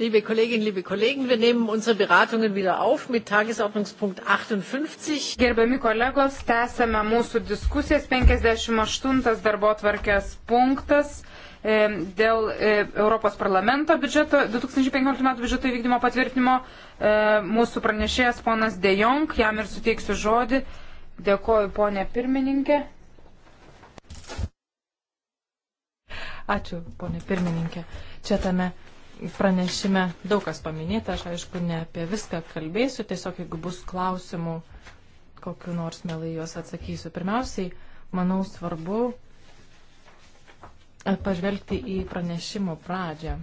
liebe Kolleginnen, liebe Kollegen, wir nehmen unsere Beratungen wieder auf mit Tagesordnungspunkt 58. Gerbiami kolegos, tęsame mūsų diskusijas 58 darbo tvarkės punktas e, dėl e, Europos parlamento biudžeto, 2015 metų biudžeto įvykdymo patvirtinimo e, mūsų pranešėjas ponas Dejong, jam ir suteiksiu žodį. Dėkoju, ponė pirmininkė. Ačiū, ponė pirmininkė. Čia tame pranešime daug kas paminėta, aš aišku ne apie viską kalbėsiu, tiesiog jeigu bus klausimų, kokiu nors mielai juos atsakysiu. Pirmiausiai, manau, svarbu e, pažvelgti į pranešimo pradžią.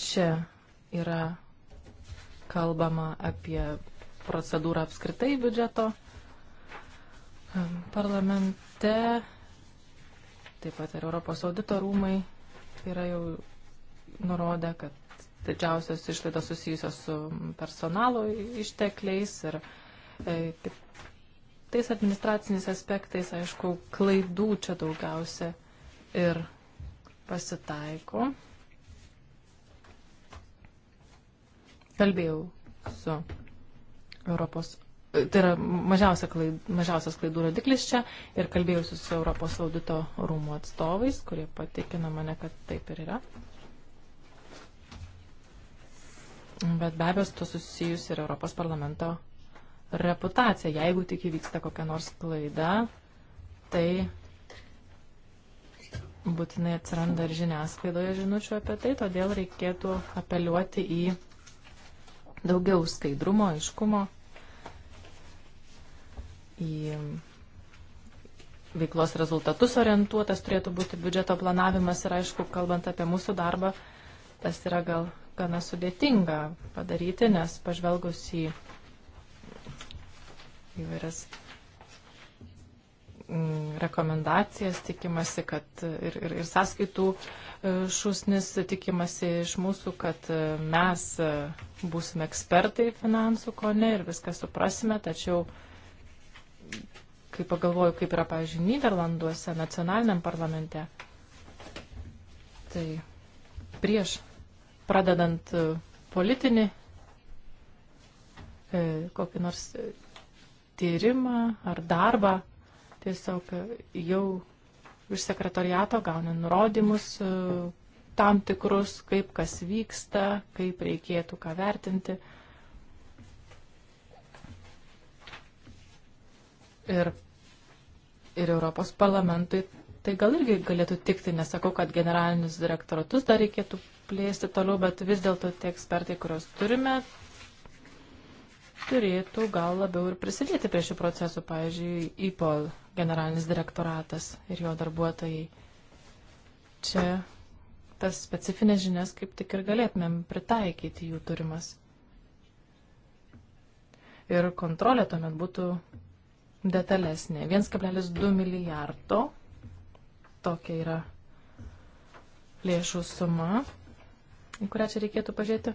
Čia yra kalbama apie procedūrą apskritai biudžeto e, parlamente Taip pat ir Europos audito rūmai yra jau nurodę, kad didžiausios išlaidos susijusios su personalo ištekliais ir e, tais administraciniais aspektais, aišku, klaidų čia daugiausia ir pasitaiko. Kalbėjau su Europos tai yra mažiausia klaid, mažiausias klaidų rodiklis čia ir kalbėjusiu su Europos audito rūmų atstovais, kurie patikino mane, kad taip ir yra. Bet be abejo, to susijus ir Europos parlamento reputacija. Jeigu tik įvyksta kokia nors klaida, tai būtinai atsiranda ir žiniasklaidoje žinučių apie tai, todėl reikėtų apeliuoti į daugiau skaidrumo, aiškumo į veiklos rezultatus orientuotas turėtų būti biudžeto planavimas ir aišku, kalbant apie mūsų darbą, tas yra gal gana sudėtinga padaryti, nes pažvelgus į įvairias mm, rekomendacijas tikimasi, kad ir, ir, ir sąskaitų e, šusnis tikimasi iš mūsų, kad e, mes e, būsime ekspertai finansų, ko ne, ir viską suprasime, tačiau uh, kai pagalvoju, kaip yra, pavyzdžiui, Niderlanduose, nacionaliniam parlamente, tai prieš pradedant e, politinį e, kokį nors e, tyrimą ar darbą, tiesiog jau iš sekretariato gauni nurodymus tam tikrus, kaip kas vyksta, kaip reikėtų ką vertinti. Ir, ir Europos parlamentui tai gal irgi galėtų tikti, nesakau, kad generalinius direktoratus dar reikėtų plėsti toliau, bet vis dėlto tie ekspertai, kuriuos turime, turėtų gal labiau ir prisidėti prie šių procesų, pavyzdžiui, IPOL generalinis direktoratas ir jo darbuotojai. Čia tas specifines žinias kaip tik ir galėtumėm pritaikyti jų turimas. Ir kontrolė tuomet būtų detalesnė. 1,2 milijardo tokia yra lėšų suma, į kurią čia reikėtų pažiūrėti,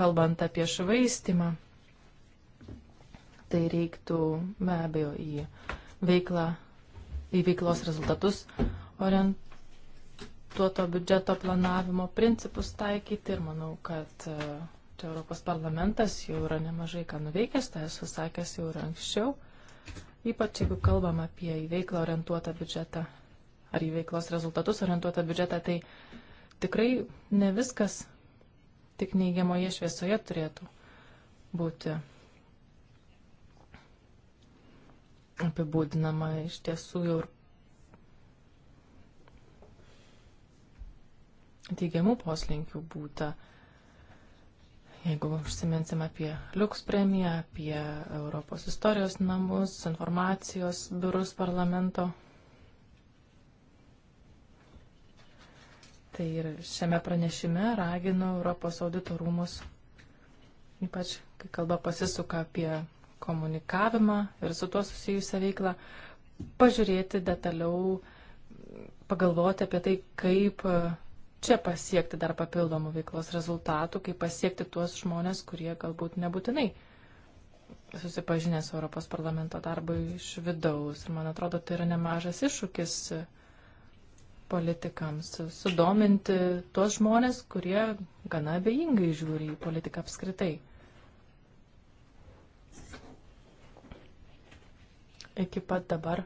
kalbant apie švaistimą. Tai reiktų be abejo į veiklą, į veiklos rezultatus orientuoto biudžeto planavimo principus taikyti ir manau, kad uh, Čia Europos parlamentas jau yra nemažai ką nuveikęs, tai esu sakęs jau ir anksčiau, ypač jeigu kalbam apie į veiklą orientuotą biudžetą ar į veiklos rezultatus orientuotą biudžetą, tai tikrai ne viskas tik neigiamoje šviesoje turėtų būti apibūdinama iš tiesų jau ir teigiamų poslinkių būta. Jeigu užsiminsim apie Liuks premiją, apie Europos istorijos namus, informacijos biurus parlamento, tai ir šiame pranešime raginu Europos audito rūmus, ypač kai kalba pasisuka apie komunikavimą ir su tuo susijusią veiklą, pažiūrėti detaliau, pagalvoti apie tai, kaip čia pasiekti dar papildomų veiklos rezultatų, kaip pasiekti tuos žmonės, kurie galbūt nebūtinai susipažinę su Europos parlamento darbu iš vidaus. Ir man atrodo, tai yra nemažas iššūkis politikams sudominti tuos žmonės, kurie gana abejingai žiūri į politiką apskritai. Iki pat dabar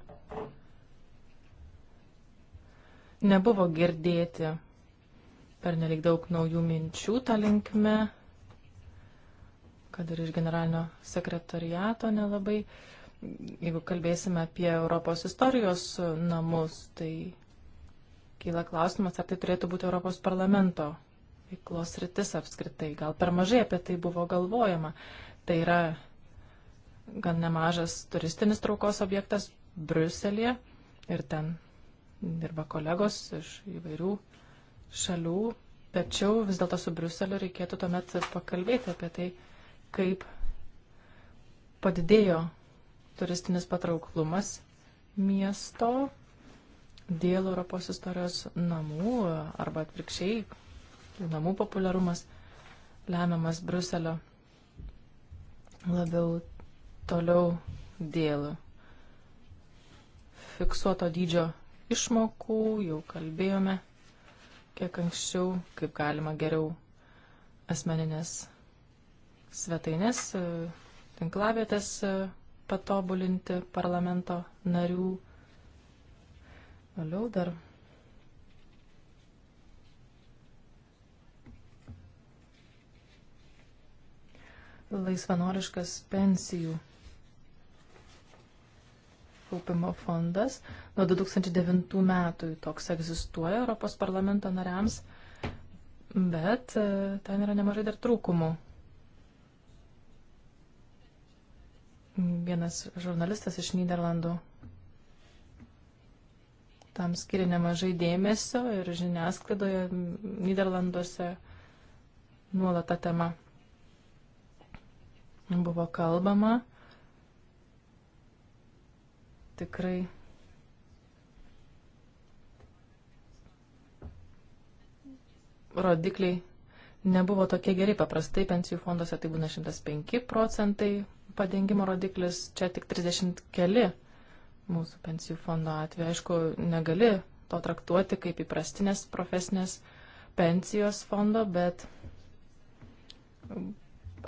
nebuvo girdėti per nelik daug naujų minčių tą linkme, kad ir iš generalinio sekretariato nelabai. Jeigu kalbėsime apie Europos istorijos namus, tai kyla klausimas, ar tai turėtų būti Europos parlamento veiklos rytis apskritai. Gal per mažai apie tai buvo galvojama. Tai yra gan nemažas turistinis traukos objektas Bruselėje ir ten dirba kolegos iš įvairių šalių, tačiau vis dėlto su Bruseliu reikėtų tuomet pakalbėti apie tai, kaip padidėjo turistinis patrauklumas miesto dėl Europos istorijos namų arba atvirkščiai namų populiarumas lemiamas Bruselio labiau toliau dėl fiksuoto dydžio išmokų, jau kalbėjome kiek anksčiau, kaip galima geriau asmeninės svetainės, e, tinklavietės e, patobulinti parlamento narių. Vėliau dar. Laisvanoriškas pensijų kaupimo fondas. Nuo 2009 metų toks egzistuoja Europos parlamento nariams, bet e, ten yra nemažai dar trūkumų. Vienas žurnalistas iš Niderlandų tam skiria nemažai dėmesio ir žiniasklaidoje Niderlanduose nuolat ta tema buvo kalbama. Tikrai rodikliai nebuvo tokie geri. Paprastai pensijų fonduose tai būna 105 procentai padengimo rodiklis, čia tik 30 keli mūsų pensijų fondo atveju. Aišku, negali to traktuoti kaip įprastinės profesinės pensijos fondo, bet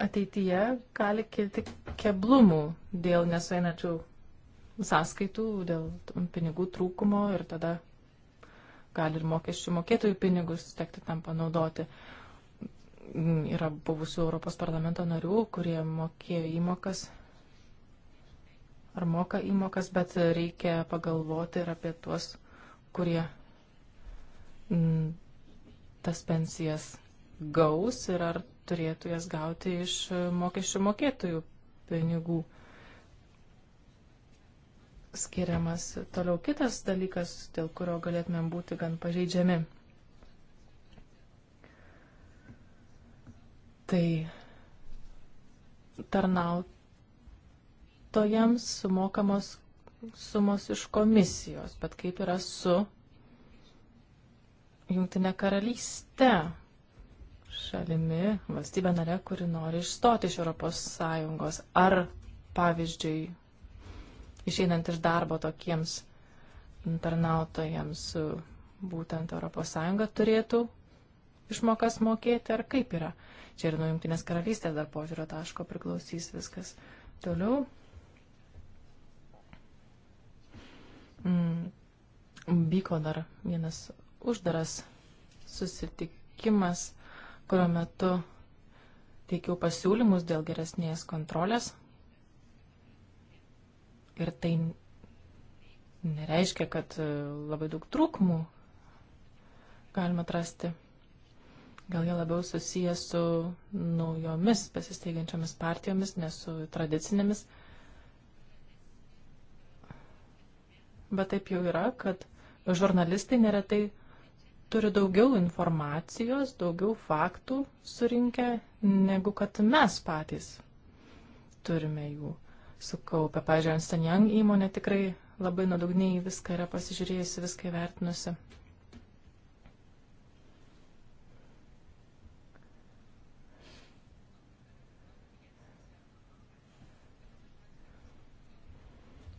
ateityje gali kilti keblumų dėl nesueinačių sąskaitų, dėl pinigų trūkumo ir tada gali ir mokesčių mokėtojų pinigus tekti tam panaudoti. Yra buvusių Europos parlamento narių, kurie mokėjo įmokas ar moka įmokas, bet reikia pagalvoti ir apie tuos, kurie mm, tas pensijas gaus ir ar turėtų jas gauti iš mokesčių mokėtojų pinigų skiriamas. Toliau kitas dalykas, dėl kurio galėtumėm būti gan pažeidžiami. Tai tarnautojams sumokamos sumos iš komisijos, bet kaip yra su Jungtinė karalystė šalimi, valstybė nare, kuri nori išstoti iš Europos Sąjungos. Ar, pavyzdžiui, išeinant iš darbo tokiems tarnautojams būtent ES turėtų išmokas mokėti, ar kaip yra. Čia ir nuo Junktinės karalystės dar požiūrio taško priklausys viskas. Toliau. Mm, vyko dar vienas uždaras susitikimas, kurio metu teikiau pasiūlymus dėl geresnės kontrolės Ir tai nereiškia, kad e, labai daug trūkumų galima atrasti. Gal jie labiau susiję su naujomis pasisteigiančiomis partijomis, ne su tradicinėmis. Bet taip jau yra, kad žurnalistai neretai turi daugiau informacijos, daugiau faktų surinkę, negu kad mes patys turime jų sukaupę. Pavyzdžiui, Ernst Young įmonė tikrai labai nuodugniai viską yra pasižiūrėjusi, viską įvertinusi.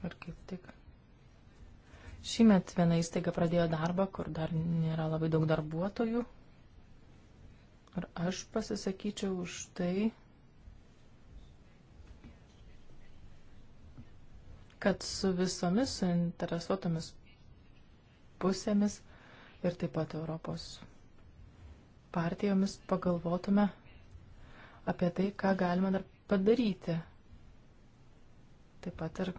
Ar kaip tik. Šimet viena įstaiga pradėjo darbą, kur dar nėra labai daug darbuotojų. Ar aš pasisakyčiau už tai, kad su visomis suinteresuotomis pusėmis ir taip pat Europos partijomis pagalvotume apie tai, ką galima dar padaryti. Taip pat ir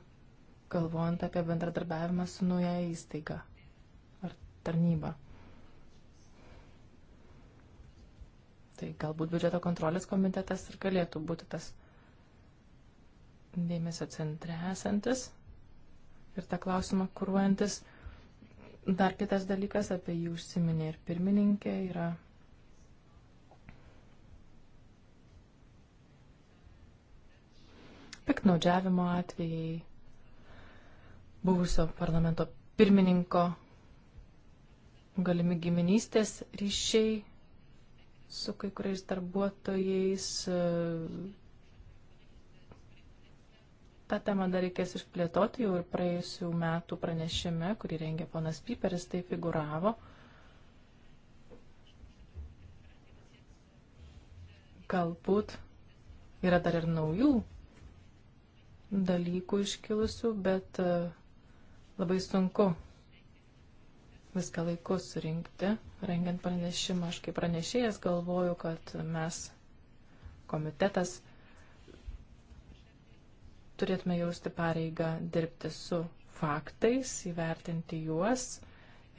galvojant apie bendradarbiavimą su nauja įstaiga ar tarnyba. Tai galbūt biudžeto kontrolės komitetas ir galėtų būti tas dėmesio centre esantis ir tą klausimą kūruojantis. Dar kitas dalykas, apie jį užsiminė ir pirmininkė, yra piknaudžiavimo atvejai buvusio parlamento pirmininko galimi giminystės ryšiai su kai kuriais darbuotojais, tą temą dar reikės išplėtoti jau ir praėjusių metų pranešime, kurį rengė ponas Piperis, tai figuravo. Galbūt yra dar ir naujų dalykų iškilusių, bet e, labai sunku viską laiku surinkti, rengiant pranešimą. Aš kaip pranešėjas galvoju, kad mes komitetas turėtume jausti pareigą dirbti su faktais, įvertinti juos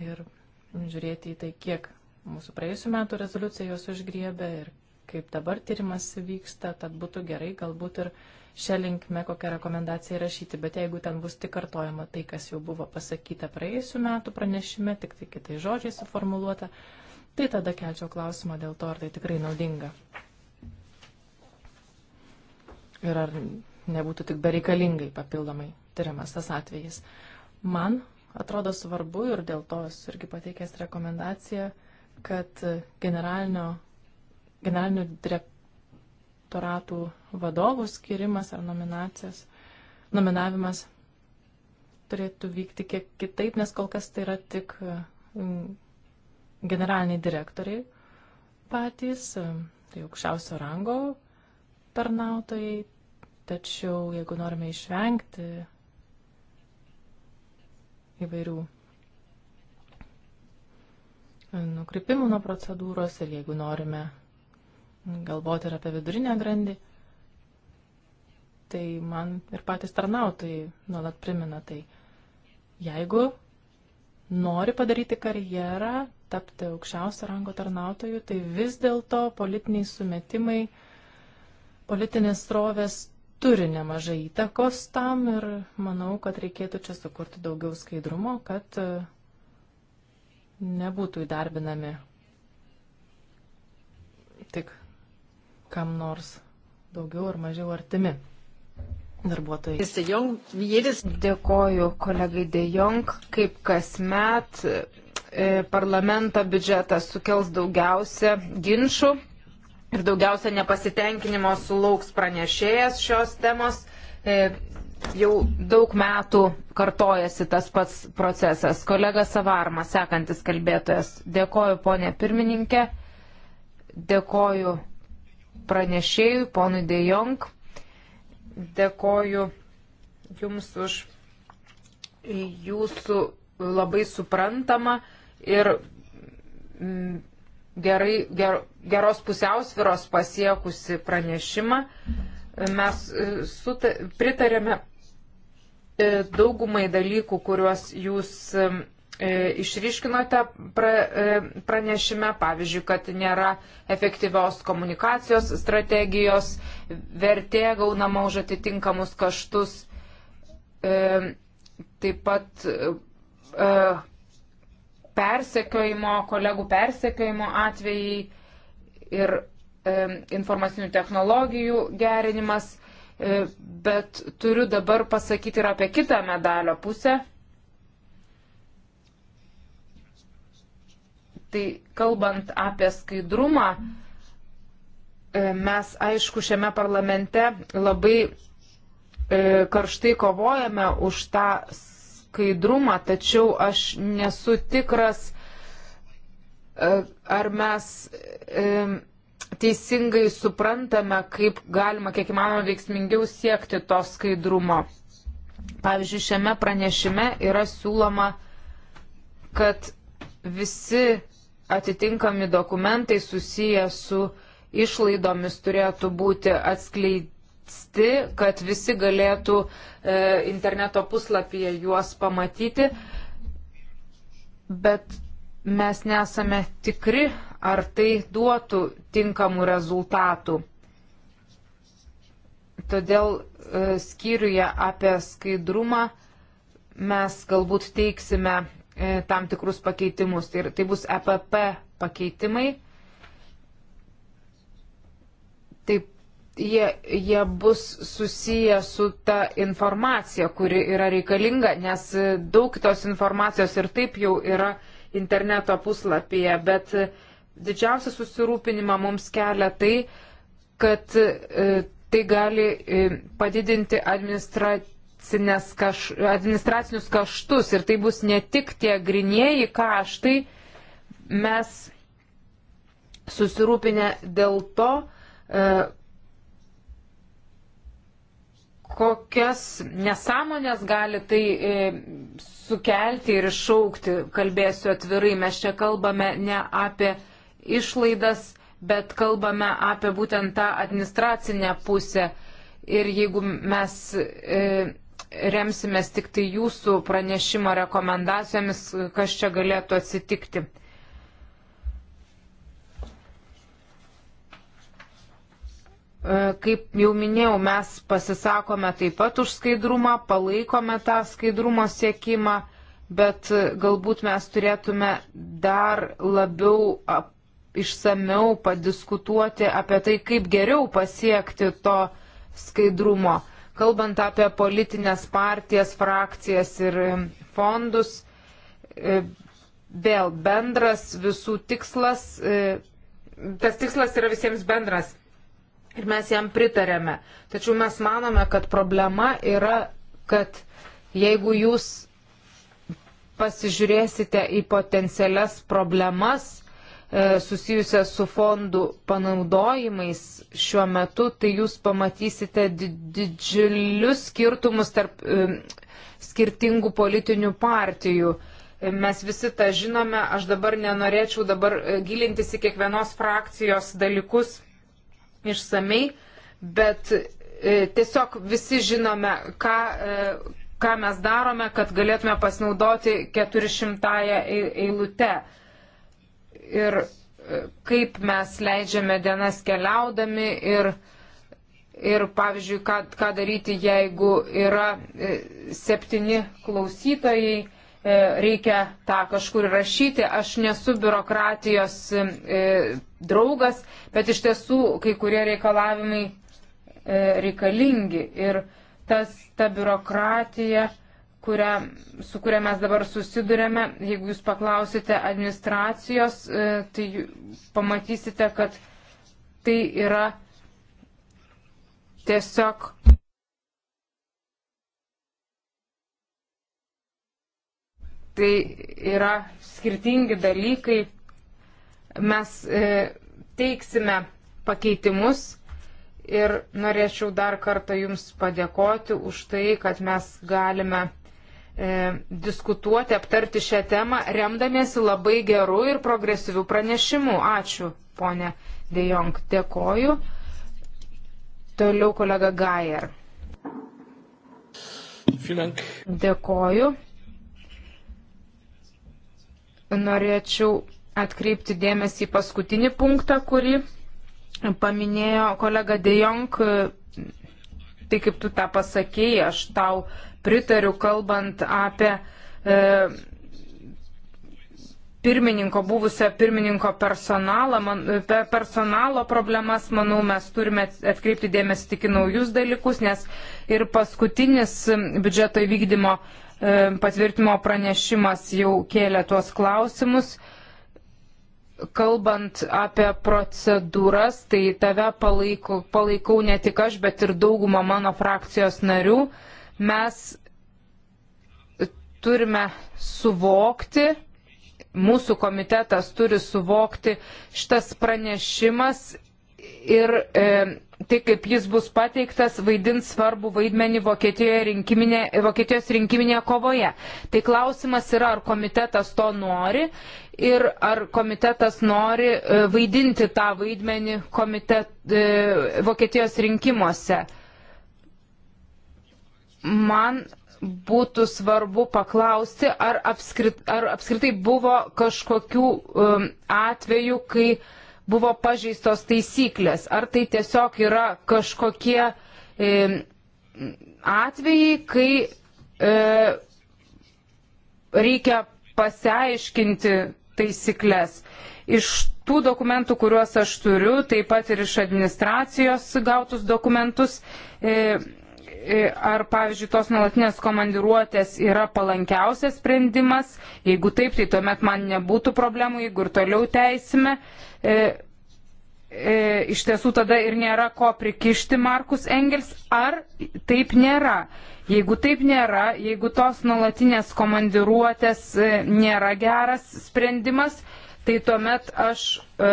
ir žiūrėti į tai, kiek mūsų praėjusiu metu rezoliucija juos užgriebė ir kaip dabar tyrimas vyksta, tad būtų gerai galbūt ir šią linkme kokią rekomendaciją rašyti, bet jeigu ten bus tik kartojama tai, kas jau buvo pasakyta praėjusiu metu pranešime, tik tai kitai žodžiai suformuoluota, tai tada kelčiau klausimą dėl to, ar tai tikrai naudinga. Ir ar nebūtų tik bereikalingai papildomai tyriamas tas atvejis. Man atrodo svarbu ir dėl to esu irgi pateikęs rekomendaciją, kad generalinio, generalinių direktoratų vadovų skirimas ar nominacijas, nominavimas turėtų vykti kiek kitaip, nes kol kas tai yra tik mm, generaliniai direktoriai patys, tai aukščiausio rango tarnautojai, Tačiau jeigu norime išvengti įvairių e, nukrypimų nuo procedūros ir jeigu norime galvoti ir apie vidurinę grandį, tai man ir patys tarnautojai nuolat primena tai. Jeigu nori padaryti karjerą, tapti aukščiausio rango tarnautoju, tai vis dėlto politiniai sumetimai, politinės strovės turi nemažai įtakos tam ir manau, kad reikėtų čia sukurti daugiau skaidrumo, kad e, nebūtų įdarbinami tik kam nors daugiau ar mažiau artimi darbuotojai. Dėkoju kolegai De Jong, kaip kasmet e, parlamento biudžetas sukels daugiausia ginčių ir daugiausia nepasitenkinimo sulauks pranešėjas šios temos. E, jau daug metų kartojasi tas pats procesas. Kolega Savarma, sekantis kalbėtojas, dėkoju ponė pirmininkė, dėkoju pranešėjui, ponui Dejong, dėkoju Jums už jūsų labai suprantamą ir gerai, ger, geros pusiausviros pasiekusi pranešimą. Mes e, suta, pritarėme e, daugumai dalykų, kuriuos jūs e, išryškinote pra, pranešime, pavyzdžiui, kad nėra efektyvios komunikacijos strategijos, vertė gaunama už atitinkamus kaštus, taip pat persekiojimo, kolegų persekiojimo atvejai ir e, informacinių technologijų gerinimas, e, bet turiu dabar pasakyti ir apie kitą medalio pusę. Tai kalbant apie skaidrumą, e, mes aišku šiame parlamente labai e, karštai kovojame už tą skaidrumą skaidrumą, tačiau aš nesu tikras, e, ar mes e, teisingai suprantame, kaip galima kiek įmanoma veiksmingiau siekti to skaidrumo. Pavyzdžiui, šiame pranešime yra siūloma, kad visi atitinkami dokumentai susiję su išlaidomis turėtų būti atskleidžiami išversti, kad visi galėtų e, interneto puslapyje juos pamatyti, bet mes nesame tikri, ar tai duotų tinkamų rezultatų. Todėl e, skyriuje apie skaidrumą mes galbūt teiksime e, tam tikrus pakeitimus. Tai, tai bus EPP pakeitimai jie, jie bus susiję su ta informacija, kuri yra reikalinga, nes daug tos informacijos ir taip jau yra interneto puslapyje, bet didžiausią susirūpinimą mums kelia tai, kad e, tai gali e, padidinti administratyvą Kaš, administracinius kaštus ir tai bus ne tik tie grinieji kaštai, mes susirūpinę dėl to, e, kokias nesąmonės gali tai e, sukelti ir iššaukti, kalbėsiu atvirai, mes čia kalbame ne apie išlaidas, bet kalbame apie būtent tą administracinę pusę. Ir jeigu mes e, remsimės tik tai jūsų pranešimo rekomendacijomis, kas čia galėtų atsitikti. Kaip jau minėjau, mes pasisakome taip pat už skaidrumą, palaikome tą skaidrumo siekimą, bet galbūt mes turėtume dar labiau ap, išsameu padiskutuoti apie tai, kaip geriau pasiekti to skaidrumo. Kalbant apie politinės partijas, frakcijas ir fondus, e, vėl bendras visų tikslas, e, tas tikslas yra visiems bendras ir mes jam pritarėme. Tačiau mes manome, kad problema yra, kad jeigu jūs pasižiūrėsite į potencialias problemas e, susijusias su fondų panaudojimais šiuo metu, tai jūs pamatysite didžiulius skirtumus tarp e, skirtingų politinių partijų e, mes visi tą žinome, aš dabar nenorėčiau dabar e, gilintis į kiekvienos frakcijos dalykus, išsamei, bet e, tiesiog visi žinome, ką, e, ką mes darome, kad galėtume pasinaudoti 400 eilute. Ir e, kaip mes leidžiame dienas keliaudami ir, ir pavyzdžiui, ką, ką daryti, jeigu yra septyni klausytojai E, reikia tą kažkur rašyti. Aš nesu biurokratijos e, draugas, bet iš tiesų kai kurie reikalavimai e, reikalingi. Ir tas, ta biurokratija, kuria, su kuria mes dabar susidurėme, jeigu jūs paklausite administracijos, tai pamatysite, kad tai yra tiesiog Tai yra skirtingi dalykai. Mes e, teiksime pakeitimus ir norėčiau dar kartą Jums padėkoti už tai, kad mes galime e, diskutuoti, aptarti šią temą, remdamiesi labai gerų ir progresyvių pranešimų. Ačiū, ponė Dejong, dėkoju. Toliau kolega Gajer. Dėkoju norėčiau atkreipti dėmesį į paskutinį punktą, kurį paminėjo kolega Dejong. Tai kaip tu tą pasakėjai, aš tau pritariu, kalbant apie e, pirmininko, buvusio pirmininko personalą, man, per personalo problemas, manau, mes turime atkreipti dėmesį tik į naujus dalykus, nes ir paskutinis biudžeto įvykdymo E, patvirtimo pranešimas jau kėlė tuos klausimus. Kalbant apie procedūras, tai tave palaikau, palaikau ne tik aš, bet ir dauguma mano frakcijos narių. Mes turime suvokti, mūsų komitetas turi suvokti, šitas pranešimas ir e, tai, kaip jis bus pateiktas, vaidins svarbu vaidmenį rinkiminė, Vokietijos rinkiminėje kovoje. Tai klausimas yra, ar komitetas to nori ir ar komitetas nori e, vaidinti tą vaidmenį komitet, e, Vokietijos rinkimuose. Man būtų svarbu paklausti, ar, apskrit, ar apskritai buvo kažkokių um, atvejų, kai uh, buvo pažeistos taisyklės. Ar tai tiesiog yra kažkokie e, atvejai, kai e, reikia pasiaiškinti taisyklės. Iš tų dokumentų, kuriuos aš turiu, taip pat ir iš administracijos gautus dokumentus, e, e ar, pavyzdžiui, tos nuolatinės komandiruotės yra palankiausias sprendimas. Jeigu taip, tai tuomet man nebūtų problemų, jeigu ir toliau teisime. E, e, e, iš tiesų tada ir nėra ko prikišti Markus Engels, ar taip nėra? Jeigu taip nėra, jeigu tos nuolatinės komandiruotės e, nėra geras sprendimas, tai tuomet aš e,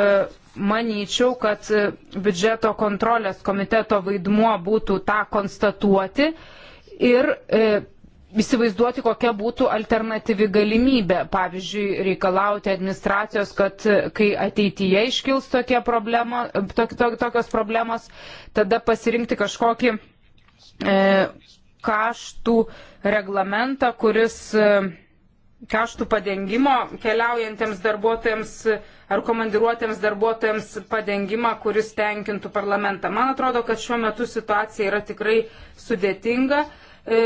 manyčiau, kad e, biudžeto kontrolės komiteto vaidmuo būtų tą konstatuoti ir e, įsivaizduoti, kokia būtų alternatyvi galimybė. Pavyzdžiui, reikalauti administracijos, kad e, kai ateityje iškils tokie problemo, tok, tok, tokios problemos, tada pasirinkti kažkokį e, kaštų reglamentą, kuris e, kaštų padengimo keliaujantiems darbuotojams ar komandiruotėms darbuotojams padengimą, kuris tenkintų parlamentą. Man atrodo, kad šiuo metu situacija yra tikrai sudėtinga. E, E,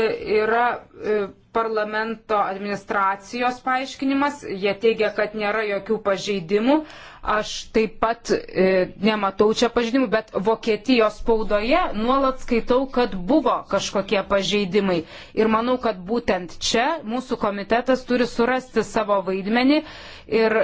yra e, parlamento administracijos paaiškinimas. Jie teigia, kad nėra jokių pažeidimų. Aš taip pat e, nematau čia pažeidimų, bet Vokietijos spaudoje nuolat skaitau, kad buvo kažkokie pažeidimai. Ir manau, kad būtent čia mūsų komitetas turi surasti savo vaidmenį. Ir,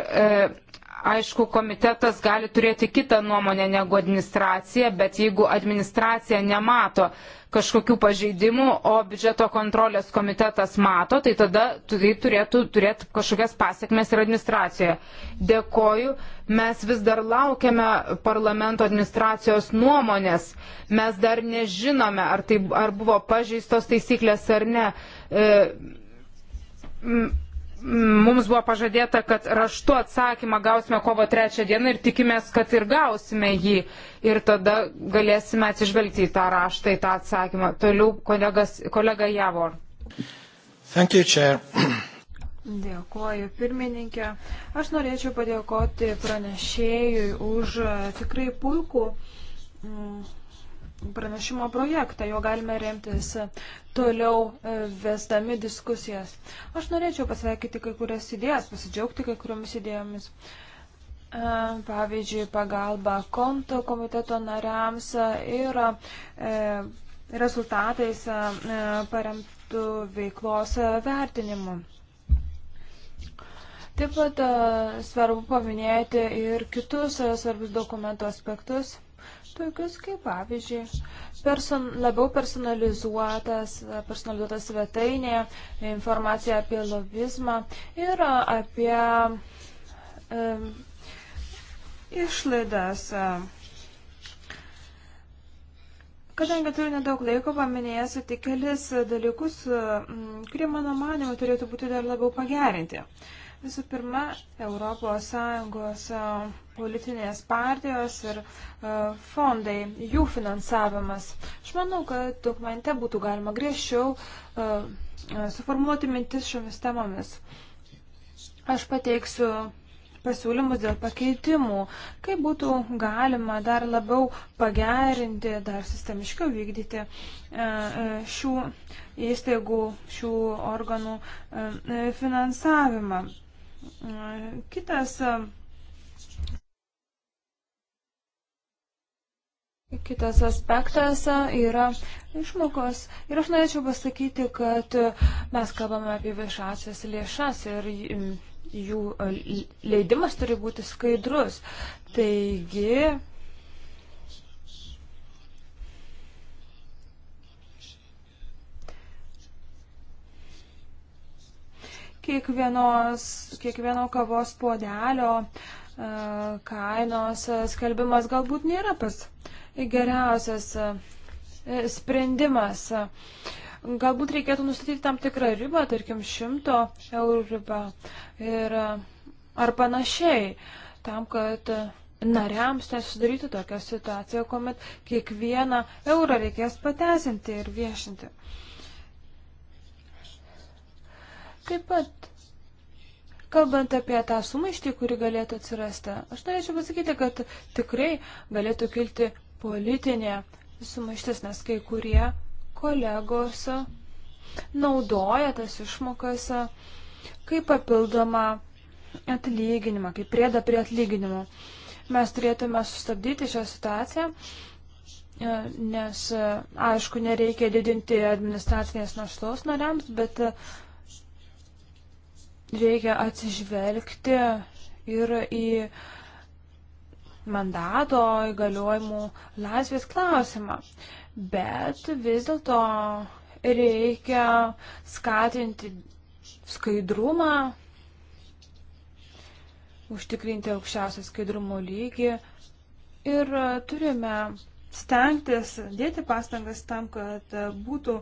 aišku, komitetas gali turėti kitą nuomonę negu administracija, bet jeigu administracija nemato, kažkokių pažeidimų, o biudžeto kontrolės komitetas mato, tai tada tai turėtų turėti kažkokias pasiekmes ir administracijoje. Dėkoju, mes vis dar laukiame parlamento administracijos nuomonės, mes dar nežinome, ar, tai, ar buvo pažeistos taisyklės ar ne. E, m, Mums buvo pažadėta, kad raštu atsakymą gausime kovo trečią dieną ir tikimės, kad ir gausime jį. Ir tada galėsime atsižvelgti į tą raštą, į tą atsakymą. Toliau kolegas, kolega Javor. Thank you, Chair. Dėkuoju pirmininkė. Aš norėčiau padėkoti pranešėjui už tikrai puikų mm, pranešimo projektą, jo galime remtis toliau e, vesdami diskusijas. Aš norėčiau pasveikyti kai kurias idėjas, pasidžiaugti kai kuriomis idėjomis. E, pavyzdžiui, pagalba konto komiteto nariams ir e, rezultatais paremtų veiklos vertinimu. Taip pat svarbu paminėti ir kitus svarbus dokumento aspektus tokius kaip pavyzdžiui person, labiau personalizuotas, personalizuotas svetainė, informacija apie lobizmą ir apie e, išlaidas. Kadangi turiu nedaug laiko, paminėsiu tik kelis dalykus, kurie mano manimo turėtų būti dar labiau pagerinti. E, Visų pirma, ES e, politinės partijos ir e, fondai, jų finansavimas. Aš manau, kad dokumente būtų galima griežčiau e, suformuoti mintis šiomis temomis. Aš pateiksiu pasiūlymus dėl pakeitimų, kaip būtų galima dar labiau pagerinti, dar sistemiškiau vykdyti šių įstaigų, šių organų finansavimą. Kitas. Kitas aspektas yra išmokos. Ir aš norėčiau pasakyti, kad mes kalbame apie viešasias lėšas ir jų leidimas turi būti skaidrus. Taigi, kiekvienos, kiekvieno kavos puodelio e, kainos e, skalbimas galbūt nėra pas geriausias e, sprendimas. Galbūt reikėtų nustatyti tam tikrą ribą, tarkim, 100 eurų ribą ir, ar panašiai, tam, kad nariams nesudarytų tokią situaciją, kuomet kiekvieną eurą reikės pateisinti ir viešinti. Uh, Taip pat, kalbant apie tą sumaištį, kuri galėtų atsirasti, aš norėčiau pasakyti, kad tikrai galėtų kilti politinė sumaištis, nes kai kurie kolegos naudoja tas išmokas kaip papildomą atlyginimą, kaip priedą prie atlyginimo. Mes turėtume sustabdyti šią situaciją, nes, aišku, nereikia didinti administracinės naštos nariams, bet reikia atsižvelgti ir į mandato įgaliojimų laisvės klausimą. Bet vis dėlto reikia skatinti skaidrumą, užtikrinti aukščiausią skaidrumo lygį ir turime stengtis dėti pastangas tam, kad būtų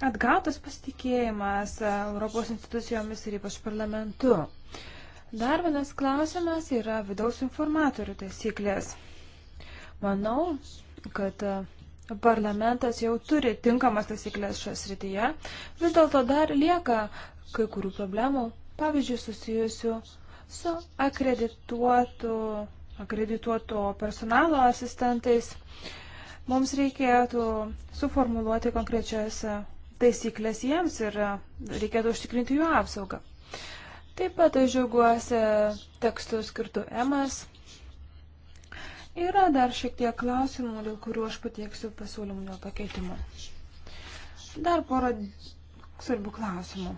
atgautas pasitikėjimas e, Europos institucijomis ir ypač parlamentu. Dar vienas klausimas yra vidaus informatorių taisyklės. Manau, kad e, parlamentas jau turi tinkamas taisyklės šios rytyje, vis dėlto dar lieka kai kurių problemų, pavyzdžiui, susijusių su akredituotu, akredituotu personalo asistentais. Mums reikėtų suformuluoti konkrečias taisyklės jiems ir e, reikėtų užtikrinti jų apsaugą. Taip pat aš žiaugiuosi tekstų skirtų emas. Yra dar šiek tiek klausimų, dėl kurių aš patieksiu pasiūlymų dėl pakeitimų. Dar pora svarbių klausimų.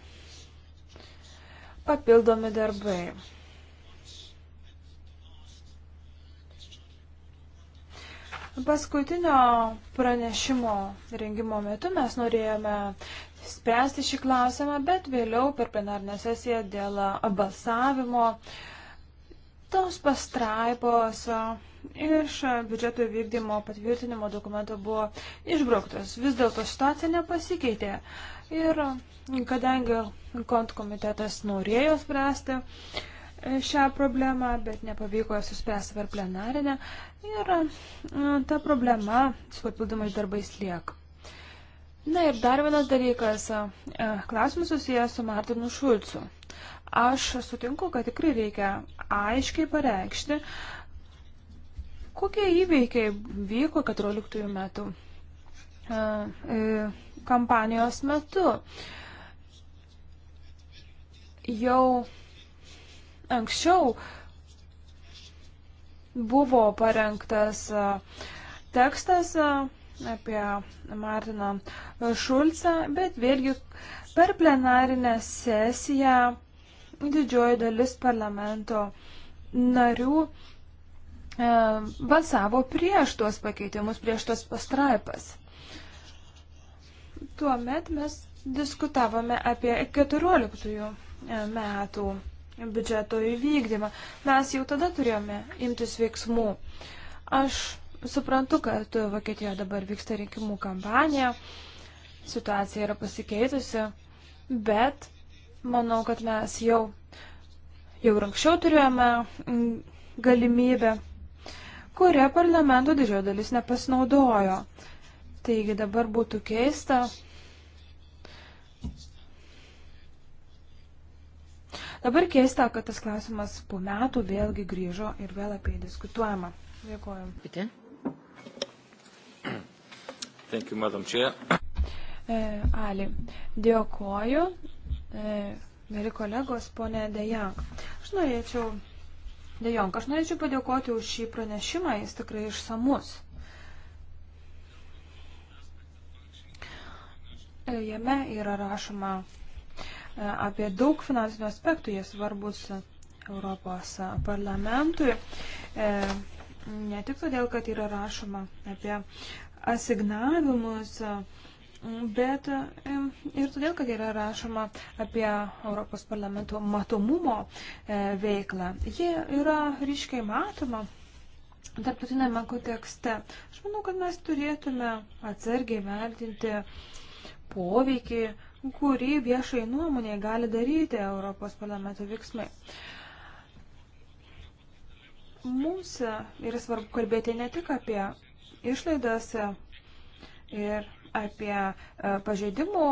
Papildomi darbai. Paskutinio pranešimo rengimo metu mes norėjome spręsti šį klausimą, bet vėliau per plenarnę sesiją dėl balsavimo tos pastraipos iš biudžeto vykdymo patvirtinimo dokumento buvo išbrauktos. Vis dėlto situacija nepasikeitė. Ir kadangi kont komitetas norėjo spręsti, uh, šią problemą, bet nepavyko ją suspręsti per plenarinę. Ir e, ta problema su papildomais darbais lieka. Na ir dar vienas dalykas. E, klausimas susijęs su Martinu Šulcu. Aš sutinku, kad tikrai reikia aiškiai pareikšti, kokie įveikiai vyko 14 metų e, kampanijos metu. Jau Anksčiau buvo parengtas tekstas apie Martiną Šulcą, bet vėlgi per plenarinę sesiją didžioji dalis parlamento narių balsavo prieš tuos pakeitimus, prieš tuos pastraipas. Tuomet mes diskutavome apie 14 e, metų biudžeto įvykdymą. Mes jau tada turėjome imtis veiksmų. Aš suprantu, kad Vokietijoje dabar vyksta rinkimų kampanija, situacija yra pasikeitusi, bet manau, kad mes jau, jau anksčiau turėjome mm, galimybę, kurią parlamento didžioji dalis nepasinaudojo. Taigi dabar būtų keista, Dabar keista, kad tas klausimas po metų vėlgi grįžo ir vėl apie jį diskutuojama. Dėkuoju. Pite. Thank you, Madam Chair. E, Ali, dėkoju. E, Mėly kolegos, ponė Dejank. Aš norėčiau, Dejank, aš norėčiau padėkoti už šį pranešimą, jis tikrai išsamus. E, jame yra rašoma apie daug finansinių aspektų, jie svarbus Europos parlamentui. E, ne tik todėl, kad yra rašoma apie asignavimus, bet e, ir todėl, kad yra rašoma apie Europos parlamento matomumo e, veiklą. Ji yra ryškiai matoma tarptautinėme kontekste. Aš manau, kad mes turėtume atsargiai vertinti poveikį kurį viešai nuomonėje gali daryti Europos parlamento veiksmai. Mums yra svarbu kalbėti ne tik apie išlaidas ir apie e, pažeidimų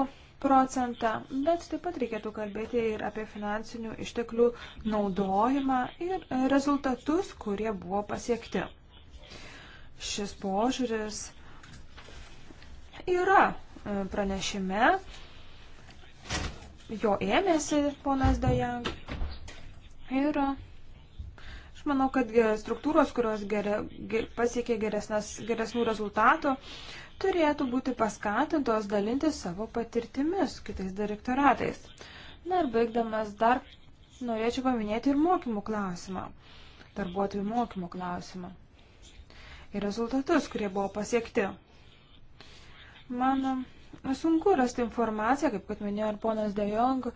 procentą, bet taip pat reikėtų kalbėti ir apie finansinių išteklių naudojimą ir rezultatus, kurie buvo pasiekti. Šis požiūris yra e, pranešime jo ėmėsi ponas Dajang. Ir aš manau, kad struktūros, kurios geria, pasiekė geresnas, geresnių rezultatų, turėtų būti paskatintos dalinti savo patirtimis kitais direktoratais. Na ir baigdamas dar norėčiau paminėti ir mokymų klausimą, darbuotojų mokymų klausimą ir rezultatus, kurie buvo pasiekti. Man Nu, sunku rasti informaciją, kaip kad minėjo ir ponas Dejong.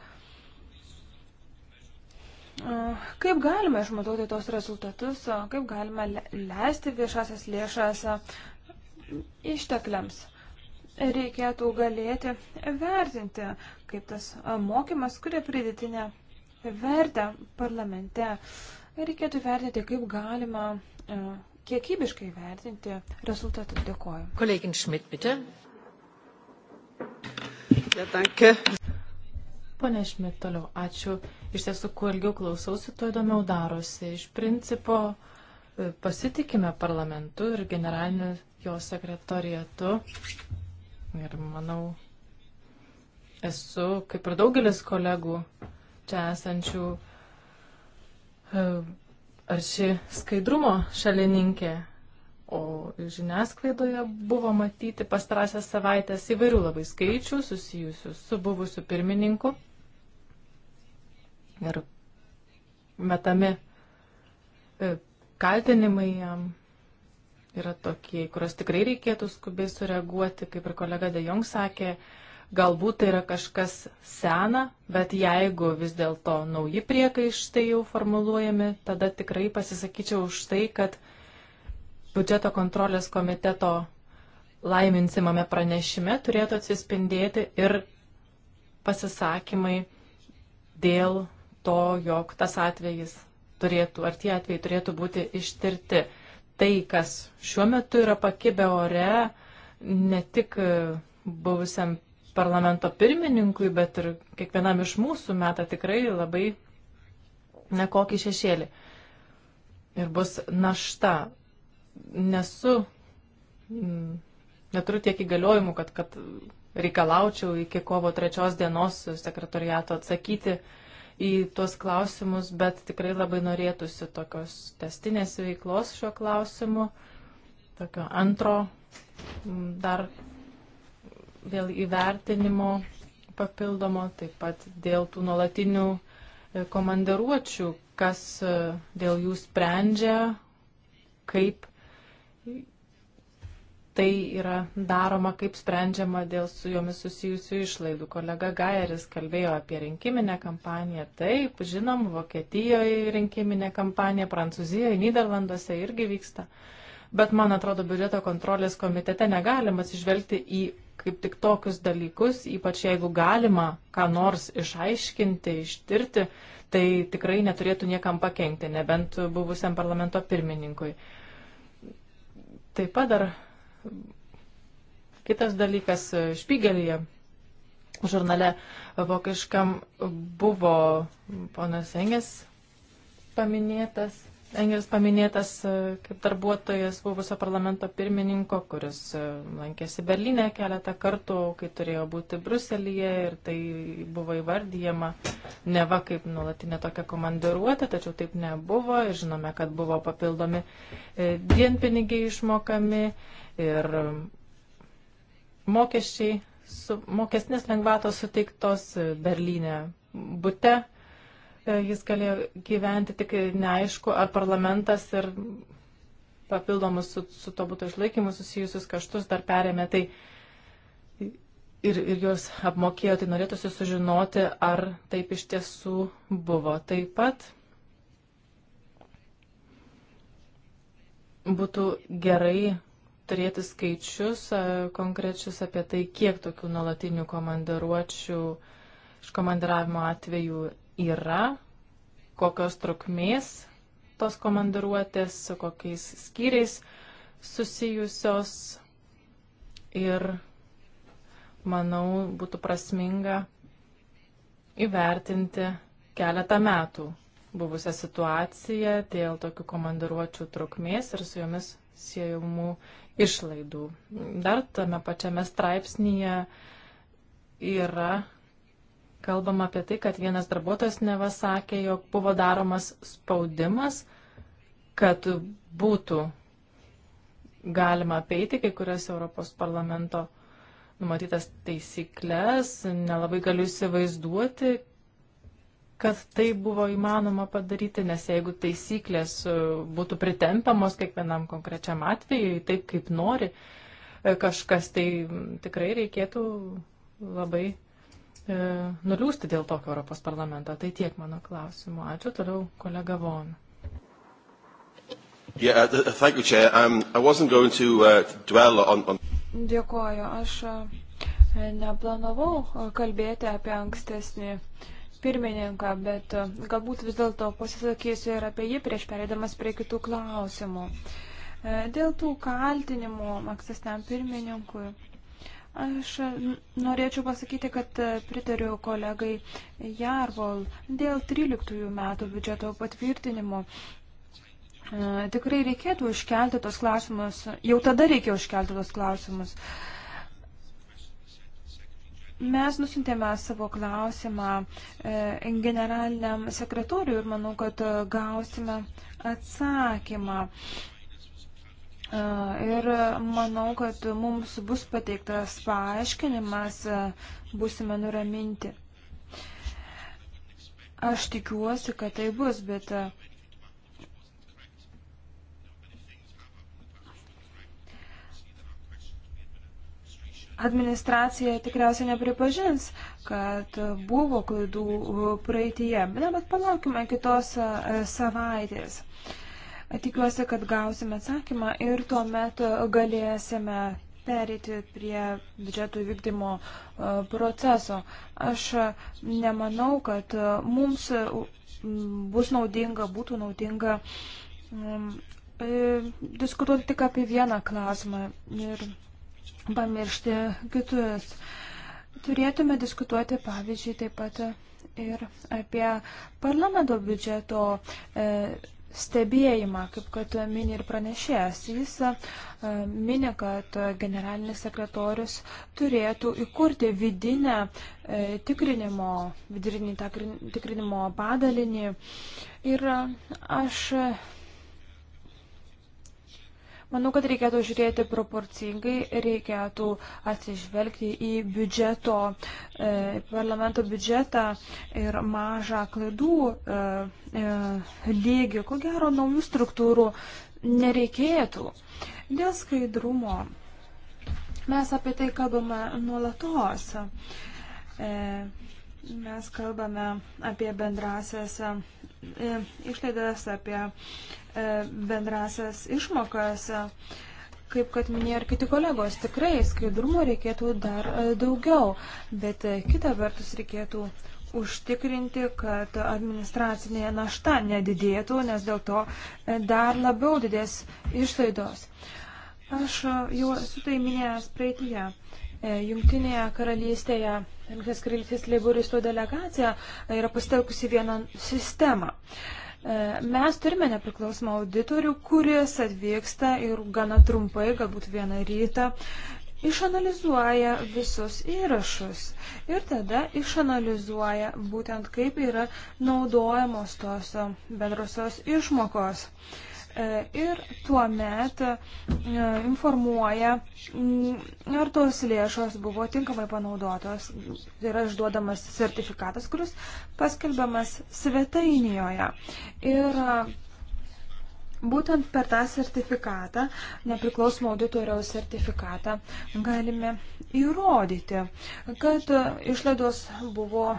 Uh, kaip galime išmatuoti tos rezultatus, uh, kaip galime leisti viešasias lėšas uh, ištekliams. Reikėtų galėti vertinti, kaip tas mokymas, kurie pridėtinė vertę parlamente. Reikėtų vertinti, kaip galima kiekybiškai vertinti rezultatus. Dėkoju. Kolegin Šmit, bitte. Ja, Pone Šmit, toliau. Ačiū. Iš tiesų, kuo ilgiau klausausi, tuo įdomiau darosi. Iš principo e, pasitikime parlamentu ir generaliniu jo sekretorijatu. Ir manau, esu, kaip ir daugelis kolegų čia esančių, e, ar ši skaidrumo šalininkė O žiniasklaidoje buvo matyti pastarąsias savaitės įvairių labai skaičių susijusių su buvusiu pirmininku. Ir metami e, kaltinimai jam yra tokie, kuriuos tikrai reikėtų skubiai sureaguoti, kaip ir kolega Dejong sakė, galbūt tai yra kažkas sena, bet jeigu vis dėlto nauji priekaištai jau formuluojami, tada tikrai pasisakyčiau už tai, kad biudžeto kontrolės komiteto laiminsimame pranešime turėtų atsispindėti ir pasisakymai dėl to, jog tas atvejis turėtų, ar tie atvejai turėtų būti ištirti. Tai, kas šiuo metu yra pakibę ore, ne tik buvusiam parlamento pirmininkui, bet ir kiekvienam iš mūsų meta tikrai labai nekokį šešėlį. Ir bus našta nesu, mm, neturiu tiek įgaliojimų, kad, kad reikalaučiau iki kovo trečios dienos sekretariato atsakyti į tuos klausimus, bet tikrai labai norėtųsi tokios testinės veiklos šiuo klausimu, tokio antro mm, dar vėl įvertinimo papildomo, taip pat dėl tų nuolatinių e, komandiruočių, kas e, dėl jų sprendžia, kaip tai yra daroma, kaip sprendžiama dėl su jomis susijusių išlaidų. Kolega Gajeris kalbėjo apie rinkiminę kampaniją. Taip, žinom, Vokietijoje rinkiminė kampanija, Prancūzijoje, Niderlanduose irgi vyksta. Bet, man atrodo, biudžeto kontrolės komitete negalima atsižvelgti į kaip tik tokius dalykus, ypač jeigu galima ką nors išaiškinti, ištirti, tai tikrai neturėtų niekam pakengti, nebent buvusiam parlamento pirmininkui. Uh, Taip pat dar kitas dalykas Špygelyje žurnale vokiškam buvo ponas Engės paminėtas Engelis paminėtas e, kaip darbuotojas buvusio parlamento pirmininko, kuris e, lankėsi Berlyne keletą kartų, kai turėjo būti Bruselėje ir tai buvo įvardyjama ne va kaip nuolatinė tokia komandiruotė, tačiau taip nebuvo. Ir žinome, kad buvo papildomi e, dienpinigiai išmokami ir mokesčiai, su, mokestinės lengvatos suteiktos Berlyne bute E, jis galėjo gyventi tik neaišku, ar parlamentas ir papildomus su, su to būtų išlaikymu susijusius kaštus dar perėmė. Tai ir, ir juos apmokėjo, tai norėtųsi sužinoti, ar taip iš tiesų buvo. Taip pat būtų gerai turėti skaičius e, konkrečius apie tai, kiek tokių nuolatinių komandiruočių iškomandiravimo atvejų yra, kokios trukmės tos komandiruotės, su kokiais skyriais susijusios ir manau būtų prasminga įvertinti keletą metų buvusią situaciją dėl tokių komandiruočių trukmės ir su jomis siejamų išlaidų. Dar tame pačiame straipsnyje yra kalbama apie tai, kad vienas darbuotojas neva sakė, jog buvo daromas spaudimas, kad būtų galima apeiti kai kurias Europos parlamento numatytas taisyklės. Nelabai galiu įsivaizduoti, kad tai buvo įmanoma padaryti, nes jeigu taisyklės e, būtų pritempamos kiekvienam konkrečiam atvejui, taip kaip nori e, kažkas, tai tikrai reikėtų labai E, nuliūsti dėl tokio Europos parlamento. Tai tiek mano klausimų. Ačiū toliau kolega Von. Yeah, uh, uh thank you, Chair. Um, I wasn't going to uh, dwell on, on... Dėkuoju. Aš uh, neplanavau uh, kalbėti apie ankstesnį pirmininką, bet galbūt vis dėlto pasisakysiu ir apie jį prieš pereidamas prie kitų klausimų. Dėl tų kaltinimų ankstesniam pirmininkui Aš norėčiau pasakyti, kad e, pritariu kolegai Jarvol dėl 13 metų biudžeto patvirtinimo. E, tikrai reikėtų iškelti tos klausimus, jau tada reikėjo iškelti tos klausimus. Mes nusintėme savo klausimą e, generaliniam sekretoriui ir manau, kad gausime atsakymą. Ir manau, kad mums bus pateiktas paaiškinimas, būsime nuraminti. Aš tikiuosi, kad tai bus, bet administracija tikriausiai nepripažins, kad buvo klaidų praeitie. Na, bet palaukime kitos savaitės. Tikiuosi, kad gausime atsakymą ir tuomet galėsime perėti prie biudžeto vykdymo e, proceso. Aš nemanau, kad mums bus naudinga, būtų naudinga e, diskutuoti tik apie vieną klausimą ir pamiršti kitus. Turėtume diskutuoti, pavyzdžiui, taip pat ir apie parlamento biudžeto e, stebėjimą, kaip kad mini ir pranešėjas. Jis e, mini, kad generalinis sekretorius turėtų įkurti vidinę e, tikrinimo, vidinį tikrinimo padalinį. Ir aš Manau, kad reikėtų žiūrėti proporcingai, reikėtų atsižvelgti į biudžeto, e, parlamento biudžetą ir mažą klaidų e, e, lygį. Ko gero, naujų struktūrų nereikėtų. Dėl skaidrumo mes apie tai kalbame nuolatos. E, Mes kalbame apie bendrasias e, išlaidas, apie e, bendrasias išmokas. Kaip kad minėjo ir kiti kolegos, tikrai skaidrumo reikėtų dar e, daugiau, bet kita vertus reikėtų užtikrinti, kad administracinė našta nedidėtų, nes dėl to dar labiau didės išlaidos. Aš jau esu tai minėjęs praeitie. E, Jungtinėje karalystėje Jungtinės karalystės leiboristų delegacija yra pasitelkusi vieną sistemą. E, Mes turime nepriklausomą auditorių, kuris atvyksta ir gana trumpai, galbūt vieną rytą, išanalizuoja visus įrašus ir tada išanalizuoja būtent kaip yra naudojamos tos bendrosios išmokos. Uh, E, ir tuo met e, informuoja, mm, ar tos lėšos buvo tinkamai panaudotos. Tai yra išduodamas sertifikatas, kuris paskelbiamas svetainėje. Ir e, būtent per tą sertifikatą, nepriklausomą auditoriaus sertifikatą, galime įrodyti, kad išlaidos buvo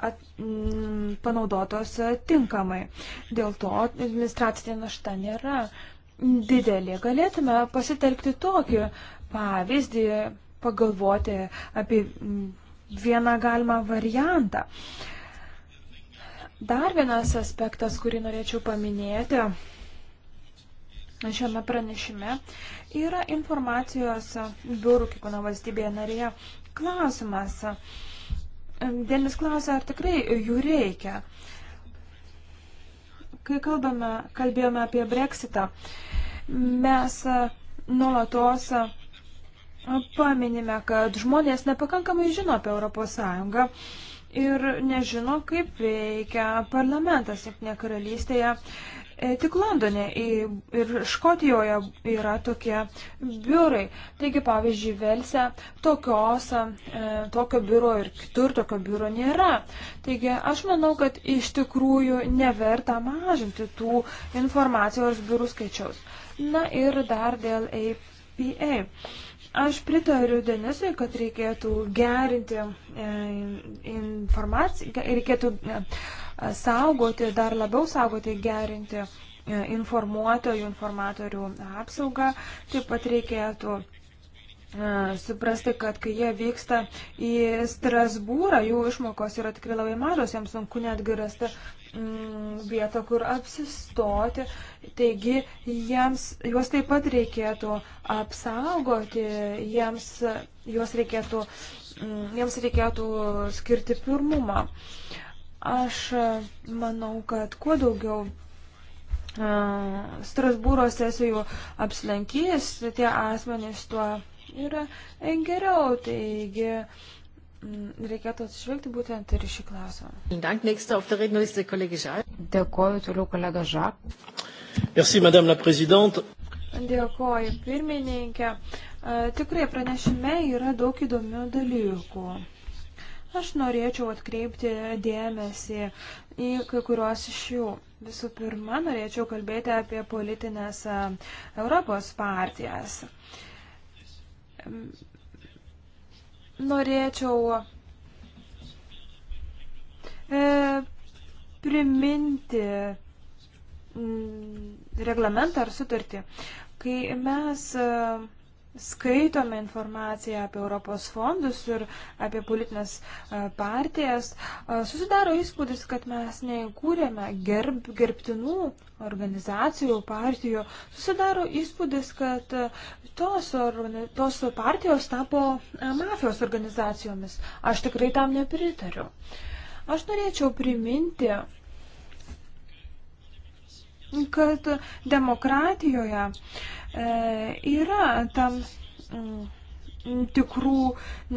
at, m, mm, panaudotos e, tinkamai. Dėl to administracinė našta nėra didelė. Galėtume pasitelkti tokį pavyzdį, pagalvoti apie mm, vieną galimą variantą. Dar vienas aspektas, kurį norėčiau paminėti šiame pranešime, yra informacijos biurų kiekvieno valstybėje narėje klausimas. Dėlis klausia, ar tikrai jų reikia. Kai kalbame, kalbėjome apie breksitą, mes e, nuolatos e, paminime, kad žmonės nepakankamai žino apie ES ir nežino, kaip veikia parlamentas Junktinė karalystėje. E, tik Londone ir Škotijoje yra tokie biurai. Taigi, pavyzdžiui, Velse tokios, e, tokio biuro ir kitur tokio biuro nėra. Taigi, aš manau, kad iš tikrųjų neverta mažinti tų informacijos biurų skaičiaus. Na ir dar dėl APA. Aš pritariu Denisui, kad reikėtų gerinti e, informaciją, reikėtų e, saugoti, dar labiau saugoti, gerinti e, informuotojų, informatorių apsaugą. Taip pat reikėtų suprasti, kad kai jie vyksta į Strasbūrą, jų išmokos yra tikrai labai mažos, jiems sunku netgi rasti Mm, vietą, kur apsistoti. Taigi, jiems, juos taip pat reikėtų apsaugoti, jiems, juos reikėtų, mm, jiems reikėtų skirti pirmumą. Aš e, manau, kad kuo daugiau e, Strasbūro sesijų apsilankys tie asmenys, tuo yra geriau. Taigi, Mm, reikėtų atsižvelgti būtent ir šį klausimą. Dėkoju toliau kolega Žak. Merci, madame la présidente. Dėkoju, pirmininkė. Tikrai pranešime yra daug įdomių dalykų. Aš norėčiau atkreipti dėmesį į kai kuriuos iš jų. Visų pirma, norėčiau kalbėti apie politinės Europos partijas norėčiau e, priminti mm, reglamentą ar sutartį. Kai mes e, skaitome informaciją apie Europos fondus ir apie politinės e, partijas, e, susidaro įspūdis, kad mes neįkūrėme gerb, gerbtinų organizacijų, partijų. Susidaro įspūdis, kad e, tos, tos partijos tapo mafijos organizacijomis. Aš tikrai tam nepritariu. Aš norėčiau priminti, kad demokratijoje uh, E, yra tam mm, tikrų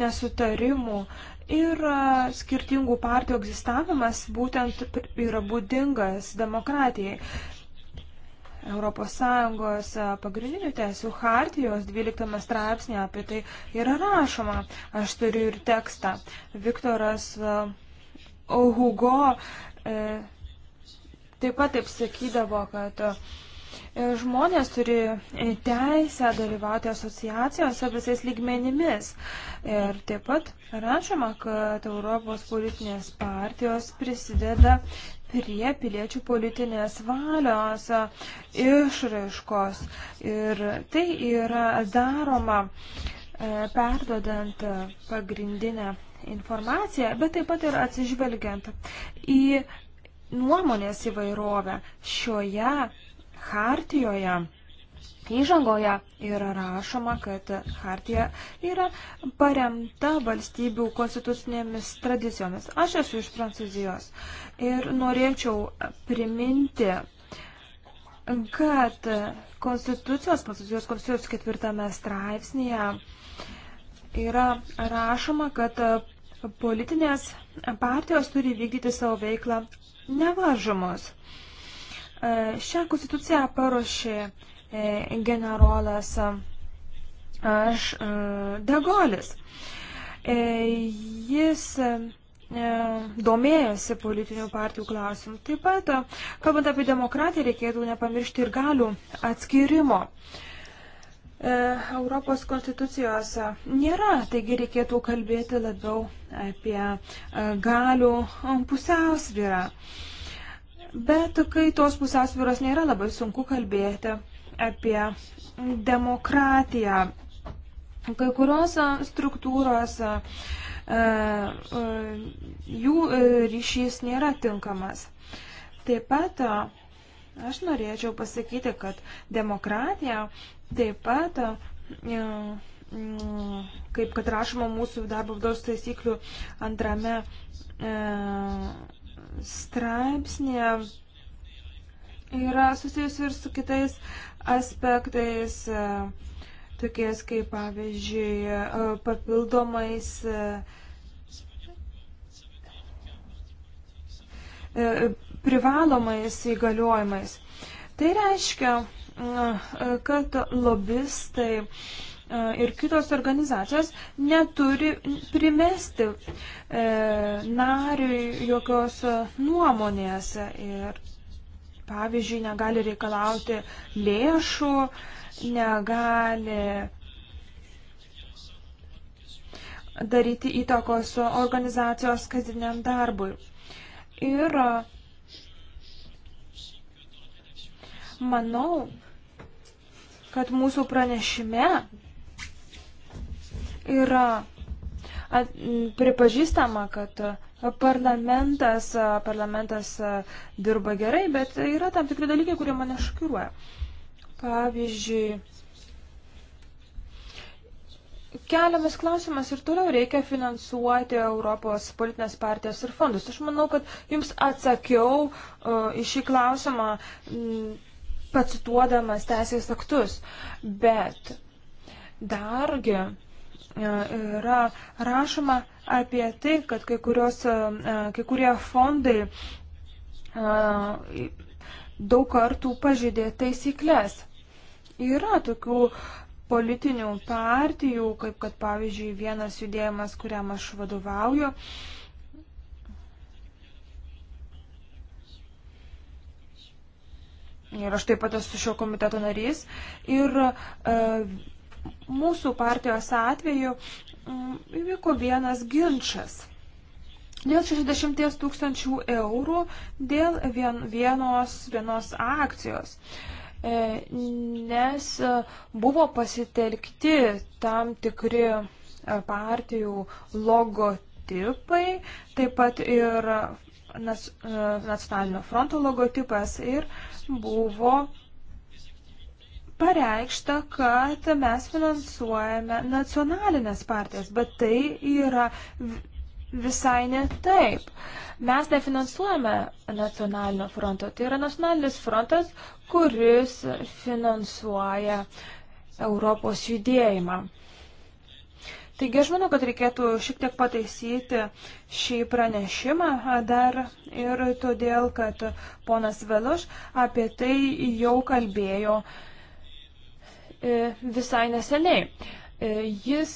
nesutarimų ir e, skirtingų partijų egzistavimas būtent yra būdingas demokratijai. ES e, pagrindinių teisų hartijos 12 straipsnė apie tai yra rašoma. Aš turiu ir tekstą. Viktoras Hugo taip pat taip sakydavo, kad E, žmonės turi e, teisę dalyvauti asociacijose visais lygmenimis. Ir taip pat rašoma, kad Europos politinės partijos prisideda prie piliečių politinės valios e, išraiškos. Ir tai yra daroma perdodant pagrindinę informaciją, bet taip pat ir atsižvelgiant į nuomonės įvairovę. Šioje Hartijoje įžangoje yra rašoma, kad Hartija yra paremta valstybių konstitucinėmis tradicijomis. Aš esu iš Prancūzijos ir norėčiau priminti kad Konstitucijos, Prancūzijos Konstitucijos ketvirtame straipsnėje yra rašoma, kad politinės partijos turi vykdyti savo veiklą nevaržomos. E, šią konstituciją paruošė e, generolas e, aš Dagolis. Jis domėjosi politinių partijų klausimų. Taip pat, kalbant apie demokratiją, reikėtų nepamiršti ir galių atskirimo. Europos konstitucijos nėra, taigi reikėtų kalbėti labiau apie galių pusiausvyrą. Bet kai tos pusiausvyros nėra, labai sunku kalbėti apie demokratiją. Kai kurios struktūros jų e, ryšys nėra tinkamas. Taip pat aš norėčiau pasakyti, kad demokratija taip pat, kaip kad rašoma mūsų darbo vados taisyklių antrame e, straipsnėje yra susijusi ir su kitais aspektais, e, tokiais kaip pavyzdžiui e, papildomais e, privalomais įgaliojimais. Tai reiškia, kad lobistai E, ir kitos organizacijos neturi primesti e, nariui jokios nuomonės ir, pavyzdžiui, negali reikalauti lėšų, negali daryti įtakos organizacijos kasdieniam darbui. Ir manau, kad mūsų pranešime yra at, pripažįstama, kad parlamentas, parlamentas dirba gerai, bet yra tam tikri dalykai, kurie mane šokiruoja. Pavyzdžiui, keliamas klausimas ir toliau reikia finansuoti Europos politinės partijas ir fondus. Aš manau, kad jums atsakiau uh, į šį klausimą m, pacituodamas teisės aktus, bet dargi E, yra rašoma apie tai, kad kai, kurios, e, e, kai kurie fondai daug kartų pažydė taisyklės. Yra tokių politinių partijų, kaip kad pavyzdžiui vienas judėjimas, kuriam aš vadovauju. Ir aš taip pat esu šio komiteto narys. Ir e, mūsų partijos atveju mm, įvyko vienas ginčas. Dėl 60 tūkstančių eurų, dėl vien, vienos, vienos akcijos. E, nes e, buvo pasitelkti tam tikri e, partijų logotipai, taip pat ir nacionalinio fronto logotipas ir buvo pareikšta, kad mes finansuojame nacionalinės partijas, bet tai yra visai ne taip. Mes nefinansuojame nacionalinio fronto. Tai yra nacionalinis frontas, kuris finansuoja Europos judėjimą. Taigi aš manau, kad reikėtų šiek tiek pataisyti šį pranešimą dar ir todėl, kad ponas Veloš apie tai jau kalbėjo uh, E, visai neseniai. E, jis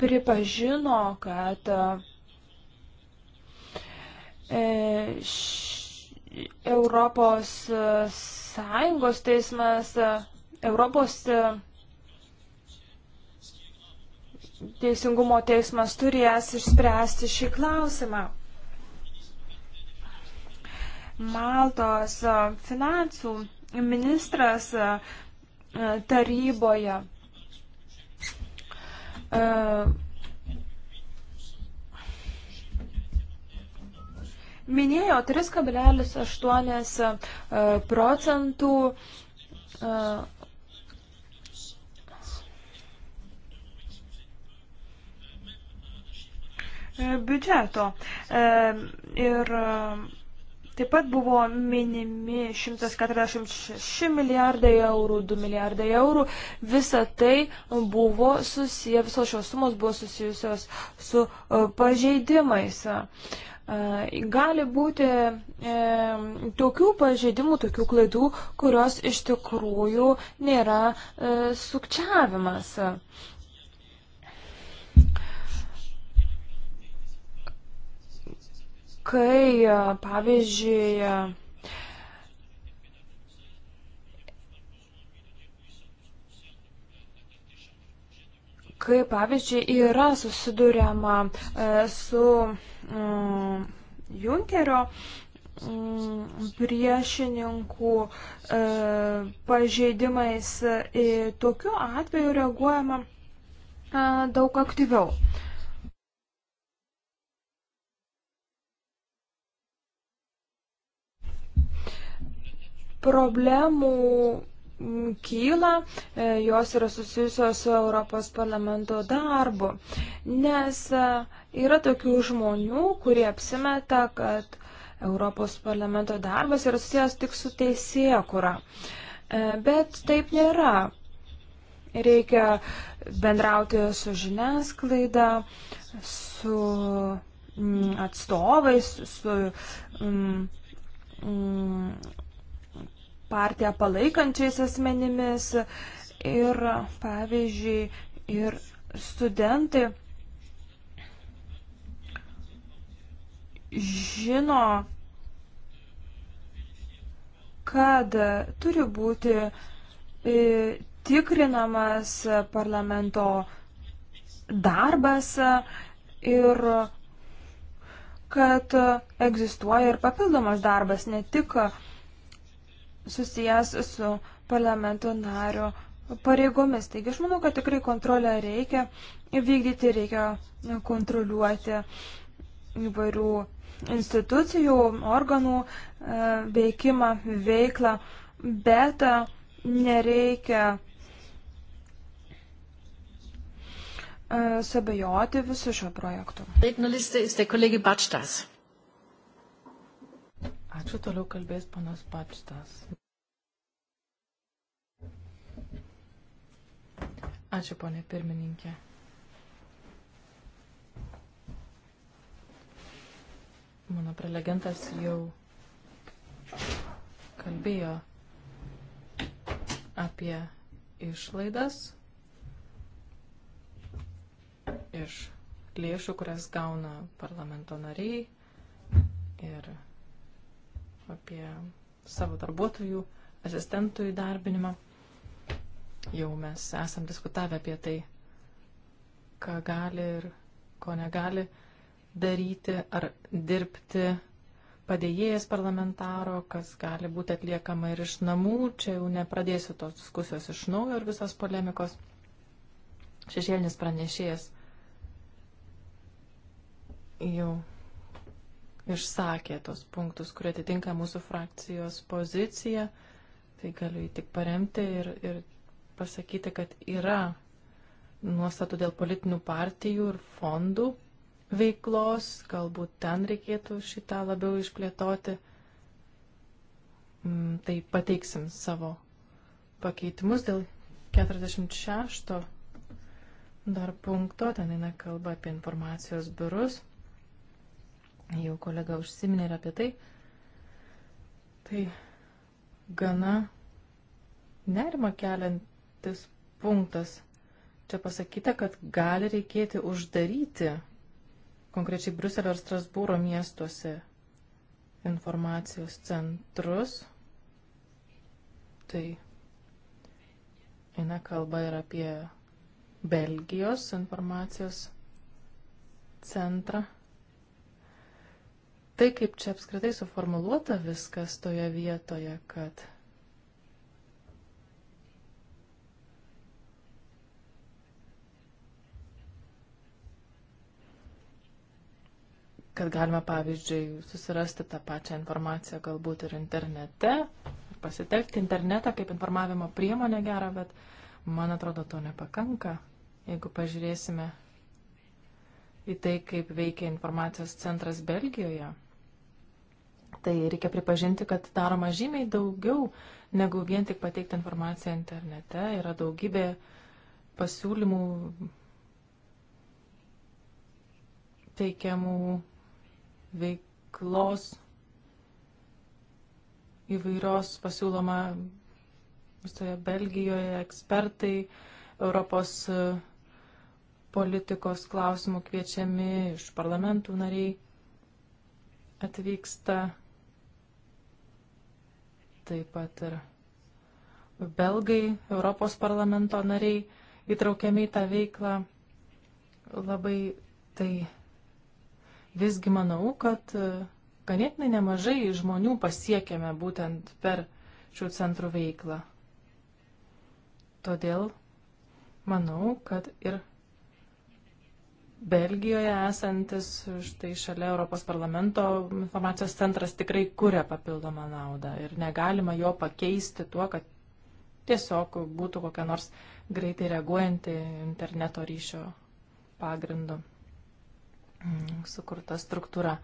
pripažino, kad e, Europos Sąjungos teismas, Europos Teisingumo teismas turės išspręsti šį klausimą. Maltos finansų ministras E, taryboje. E, minėjo 3,8 e, procentų biudžeto. Ir Taip pat buvo minimi 146 milijardai eurų, 2 milijardai eurų. Visa tai buvo susiję, visos šios sumos buvo susijusios su e, pažeidimais. E, gali būti e, tokių pažeidimų, tokių klaidų, kurios iš tikrųjų nėra e, sukčiavimas. E, kai, e, pavyzdžiui, e, kai, pavyzdžiui, yra susidūriama e, su mm, Junkerio mm, priešininkų pažeidimais, tokiu atveju reaguojama daug aktyviau. problemų mm, kyla, e, jos yra susijusios su Europos parlamento darbu, nes e, yra tokių žmonių, kurie apsimeta, kad Europos parlamento darbas yra susijęs tik su teisėkura. E, bet taip nėra. Reikia bendrauti su žiniasklaida, su mm, atstovais, su mm, mm, partiją palaikančiais asmenimis ir, pavyzdžiui, ir studentai žino, kad turi būti e, tikrinamas parlamento darbas ir kad egzistuoja ir papildomas darbas, ne tik susijęs su parlamento nario pareigomis. Taigi aš manau, kad tikrai kontrolę reikia vykdyti, reikia kontroliuoti įvairių institucijų, organų e, veikimą, veiklą, bet e, nereikia sabajoti visų šio projektų. Ačiū, toliau kalbės panas Pačtas. Ačiū, ponė pirmininkė. Mano prelegentas jau kalbėjo apie išlaidas iš lėšų, kurias gauna parlamento nariai ir apie savo darbuotojų, asistentų įdarbinimą. Jau mes esam diskutavę apie tai, ką gali ir ko negali daryti ar dirbti padėjėjas parlamentaro, kas gali būti atliekama ir iš namų. Čia jau nepradėsiu tos diskusijos iš naujo ir visos polemikos. Šešėlinis pranešėjas jau išsakė tos punktus, kurie atitinka mūsų frakcijos poziciją. Tai galiu jį tik paremti ir, ir pasakyti, kad yra nuostatų dėl politinių partijų ir fondų veiklos, galbūt ten reikėtų šitą labiau išplėtoti. Mm, tai pateiksim savo pakeitimus dėl 46 dar punkto, ten eina kalba apie informacijos biurus. Jau kolega užsiminė ir apie tai. Tai gana nerima keliantis punktas. Čia pasakyta, kad gali reikėti uždaryti konkrečiai Bruselio ir Strasbūro miestuose informacijos centrus. Tai eina kalba ir apie Belgijos informacijos centrą tai, kaip čia apskritai suformuluota viskas toje vietoje, kad kad galima, pavyzdžiui, susirasti tą pačią informaciją galbūt ir internete, ir pasitelkti internetą kaip informavimo priemonę gerą, bet man atrodo, to nepakanka. Jeigu pažiūrėsime į tai, kaip veikia informacijos centras Belgijoje, Tai reikia pripažinti, kad daroma žymiai daugiau negu vien tik pateikti informaciją internete. Yra daugybė pasiūlymų teikiamų veiklos įvairios pasiūloma visoje Belgijoje ekspertai Europos e, politikos klausimų kviečiami iš parlamentų nariai atvyksta taip pat ir belgai, Europos parlamento nariai įtraukiami į tą veiklą. Labai tai visgi manau, kad e, ganėtinai nemažai žmonių pasiekėme būtent per šių centrų veiklą. Todėl manau, kad ir Belgijoje esantis štai šalia Europos parlamento informacijos centras tikrai kuria papildomą naudą ir negalima jo pakeisti tuo, kad tiesiog būtų kokia nors greitai reaguojanti interneto ryšio pagrindu mm, sukurta struktūra.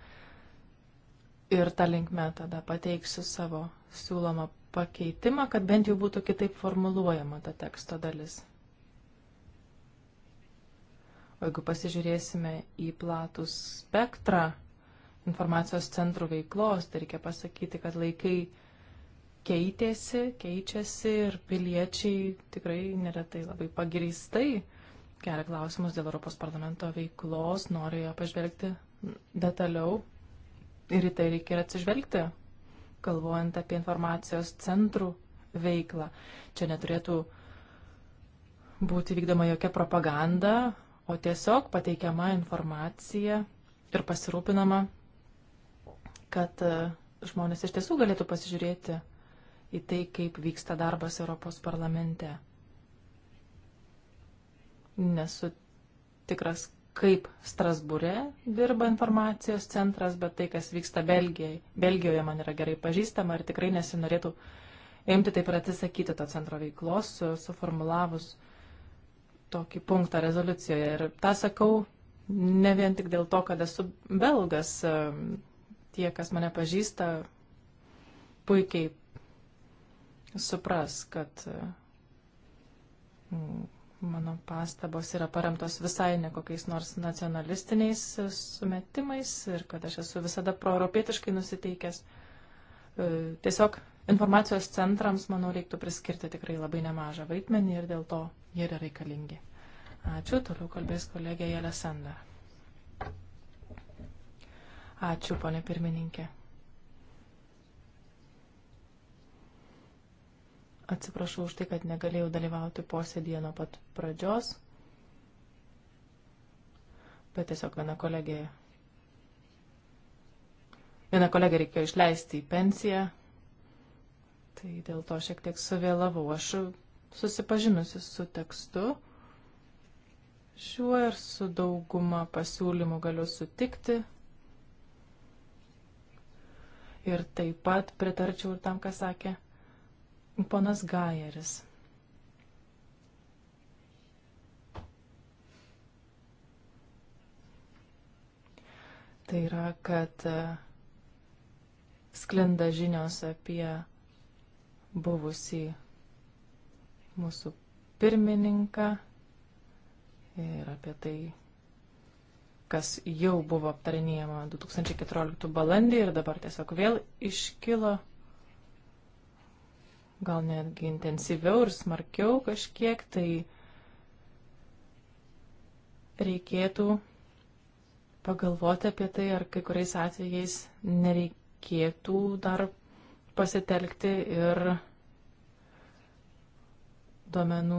Ir tą linkmę tada pateiksiu savo siūlomą pakeitimą, kad bent jau būtų kitaip formuluojama ta teksto dalis. O jeigu pasižiūrėsime į platų spektrą informacijos centrų veiklos, tai reikia pasakyti, kad laikai keitėsi, keičiasi ir piliečiai tikrai neretai labai pagrįstai kelia klausimus dėl Europos parlamento veiklos, nori ją pažvelgti detaliau ir į tai reikia ir atsižvelgti, galvojant apie informacijos centrų veiklą. Čia neturėtų būti vykdoma jokia propaganda o tiesiog pateikiama informacija ir pasirūpinama, kad e, žmonės iš tiesų galėtų pasižiūrėti į tai, kaip vyksta darbas Europos parlamente. Nesu tikras, kaip Strasbūre dirba informacijos centras, bet tai, kas vyksta Belgijai, Belgijoje man yra gerai pažįstama ir tikrai nesinorėtų imti taip ir atsisakyti to centro veiklos, suformulavus su tokį punktą rezoliucijoje. Ir tą sakau ne vien tik dėl to, kad esu belgas. Tie, kas mane pažįsta, puikiai supras, kad mano pastabos yra paremtos visai ne kokiais nors nacionalistiniais sumetimais ir kad aš esu visada proeuropietiškai nusiteikęs. E, tiesiog informacijos centrams, manau, reiktų priskirti tikrai labai nemažą vaidmenį ir dėl to jie yra reikalingi. Ačiū, toliau kalbės kolegė Jelesandra. Ačiū, ponė pirmininkė. Atsiprašau už tai, kad negalėjau dalyvauti posėdėje nuo pat pradžios, bet tiesiog viena kolegė. Viena kolegė reikėjo išleisti į pensiją, tai dėl to šiek tiek suvėlavau. Aš susipažinusi su tekstu. Šiuo ir su dauguma pasiūlymų galiu sutikti. Ir taip pat pritarčiau ir tam, ką sakė ponas Gajeris. Tai yra, kad e, sklinda žinios apie buvusį mūsų pirmininką ir apie tai, kas jau buvo aptarinėjama 2014 balandį ir dabar tiesiog vėl iškilo gal netgi intensyviau ir smarkiau kažkiek, tai reikėtų pagalvoti apie tai, ar kai kuriais atvejais nereikėtų dar pasitelkti ir duomenų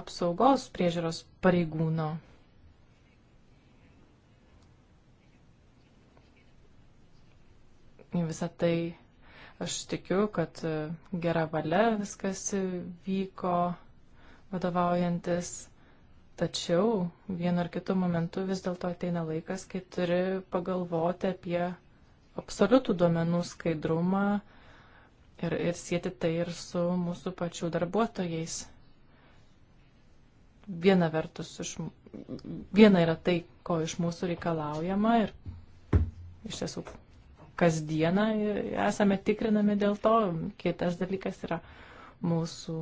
apsaugos priežiūros pareigūno. Visą tai aš tikiu, kad e, gera valia viskas vyko vadovaujantis, tačiau vienu ar kitu momentu vis dėlto ateina laikas, kai turi pagalvoti apie absoliutų duomenų skaidrumą, ir, ir sėti tai ir su mūsų pačių darbuotojais. Viena vertus, iš, viena yra tai, ko iš mūsų reikalaujama ir iš tiesų kasdieną esame tikrinami dėl to, kitas dalykas yra mūsų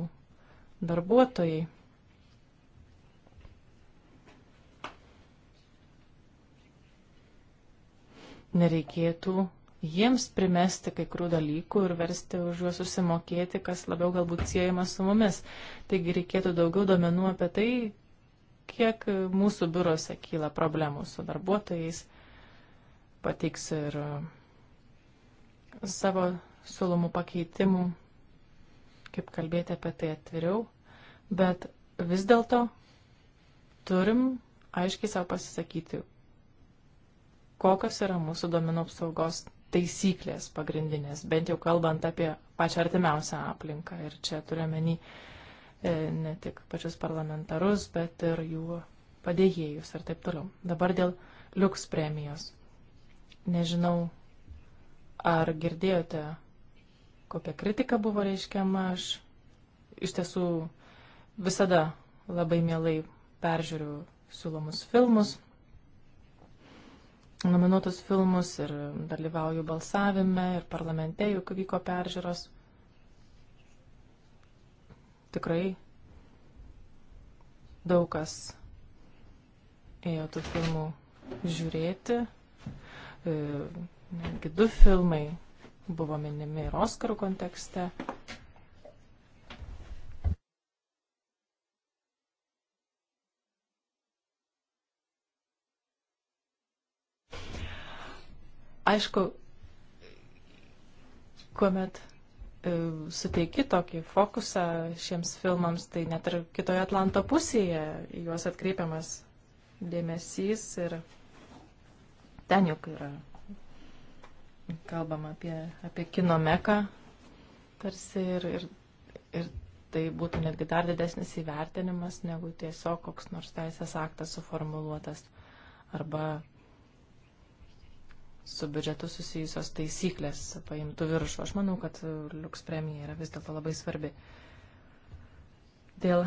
darbuotojai. Nereikėtų jiems primesti kai kurių dalykų ir versti už juos susimokėti, kas labiau galbūt siejama su mumis. Taigi reikėtų daugiau duomenų apie tai, kiek mūsų biurose kyla problemų su darbuotojais. Pateiks ir savo siūlomų pakeitimų, kaip kalbėti apie tai atviriau. Bet vis dėlto turim aiškiai savo pasisakyti, kokios yra mūsų domenų apsaugos taisyklės pagrindinės, bent jau kalbant apie pačią artimiausią aplinką. Ir čia turiuomenį e, ne tik pačius parlamentarus, bet ir jų padėjėjus ir taip toliau. Dabar dėl Liuks premijos. Nežinau, ar girdėjote, kokia kritika buvo reiškiama. Aš iš tiesų visada labai mielai peržiūriu siūlomus filmus, nominuotus filmus ir dalyvauju balsavime ir parlamente, juk vyko peržiūros. Tikrai daug kas ėjo tų filmų žiūrėti. E, netgi du filmai buvo minimi ir Oskarų kontekste. Aišku, kuomet e, suteiki tokį fokusą šiems filmams, tai net ir kitoje Atlanto pusėje juos atkreipiamas dėmesys ir ten juk yra kalbama apie, apie kino meką tarsi ir, ir, ir tai būtų netgi dar didesnis įvertinimas negu tiesiog koks nors teisės aktas suformuluotas arba su biudžetu susijusios taisyklės paimtų viršų. Aš manau, kad liuks premija yra vis dėlto labai svarbi. Dėl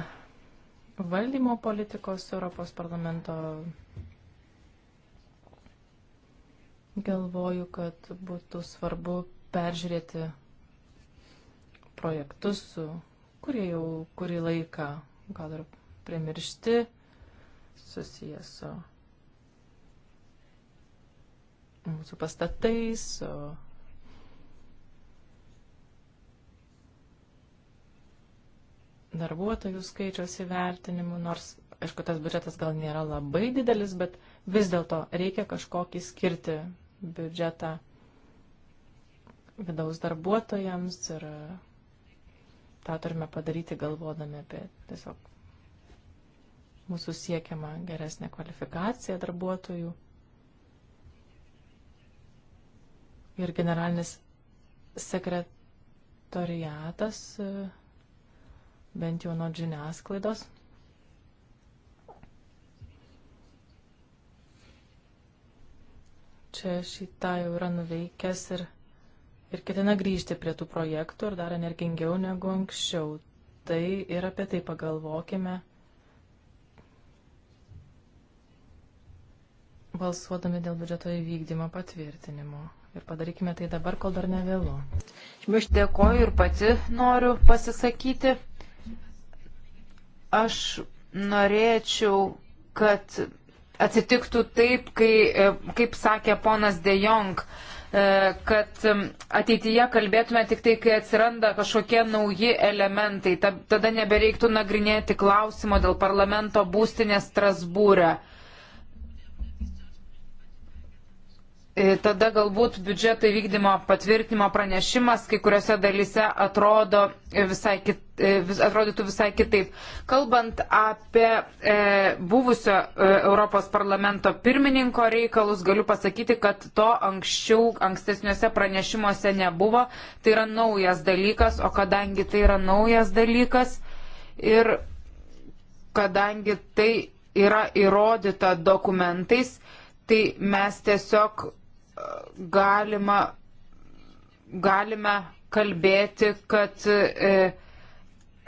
valdymo politikos Europos parlamento galvoju, kad būtų svarbu peržiūrėti projektus, kurie jau kurį laiką gal ir primiršti susijęs su mūsų pastatais, su darbuotojų skaičiaus įvertinimu, nors, aišku, tas biudžetas gal nėra labai didelis, bet vis dėlto reikia kažkokį skirti biudžetą vidaus darbuotojams ir tą turime padaryti galvodami apie tiesiog mūsų siekiamą geresnę kvalifikaciją darbuotojų. ir generalinis sekretoriatas, e, bent jau nuo žiniasklaidos. Čia šitą jau yra nuveikęs ir, ir ketina grįžti prie tų projektų ir dar energingiau negu anksčiau. Tai ir apie tai pagalvokime. balsuodami dėl biudžeto įvykdymo patvirtinimo ir padarykime tai dabar, kol dar nevėlu. Aš dėkoju ir pati noriu pasisakyti. Aš norėčiau, kad atsitiktų taip, kai, e, kaip sakė ponas De Jong, e, kad e, ateityje kalbėtume tik tai, kai atsiranda kažkokie nauji elementai. Tada nebereiktų nagrinėti klausimo dėl parlamento būstinės Strasbūrė. E E, tada galbūt biudžeto įvykdymo patvirtinimo pranešimas kai kuriuose dalyse atrodo visai kit, e, vis, atrodytų visai kitaip. Kalbant apie e, buvusio e, Europos parlamento pirmininko reikalus, galiu pasakyti, kad to anksčiau, ankstesniuose pranešimuose nebuvo. Tai yra naujas dalykas, o kadangi tai yra naujas dalykas ir kadangi tai yra įrodyta dokumentais, tai mes tiesiog galima, galime kalbėti, kad, e,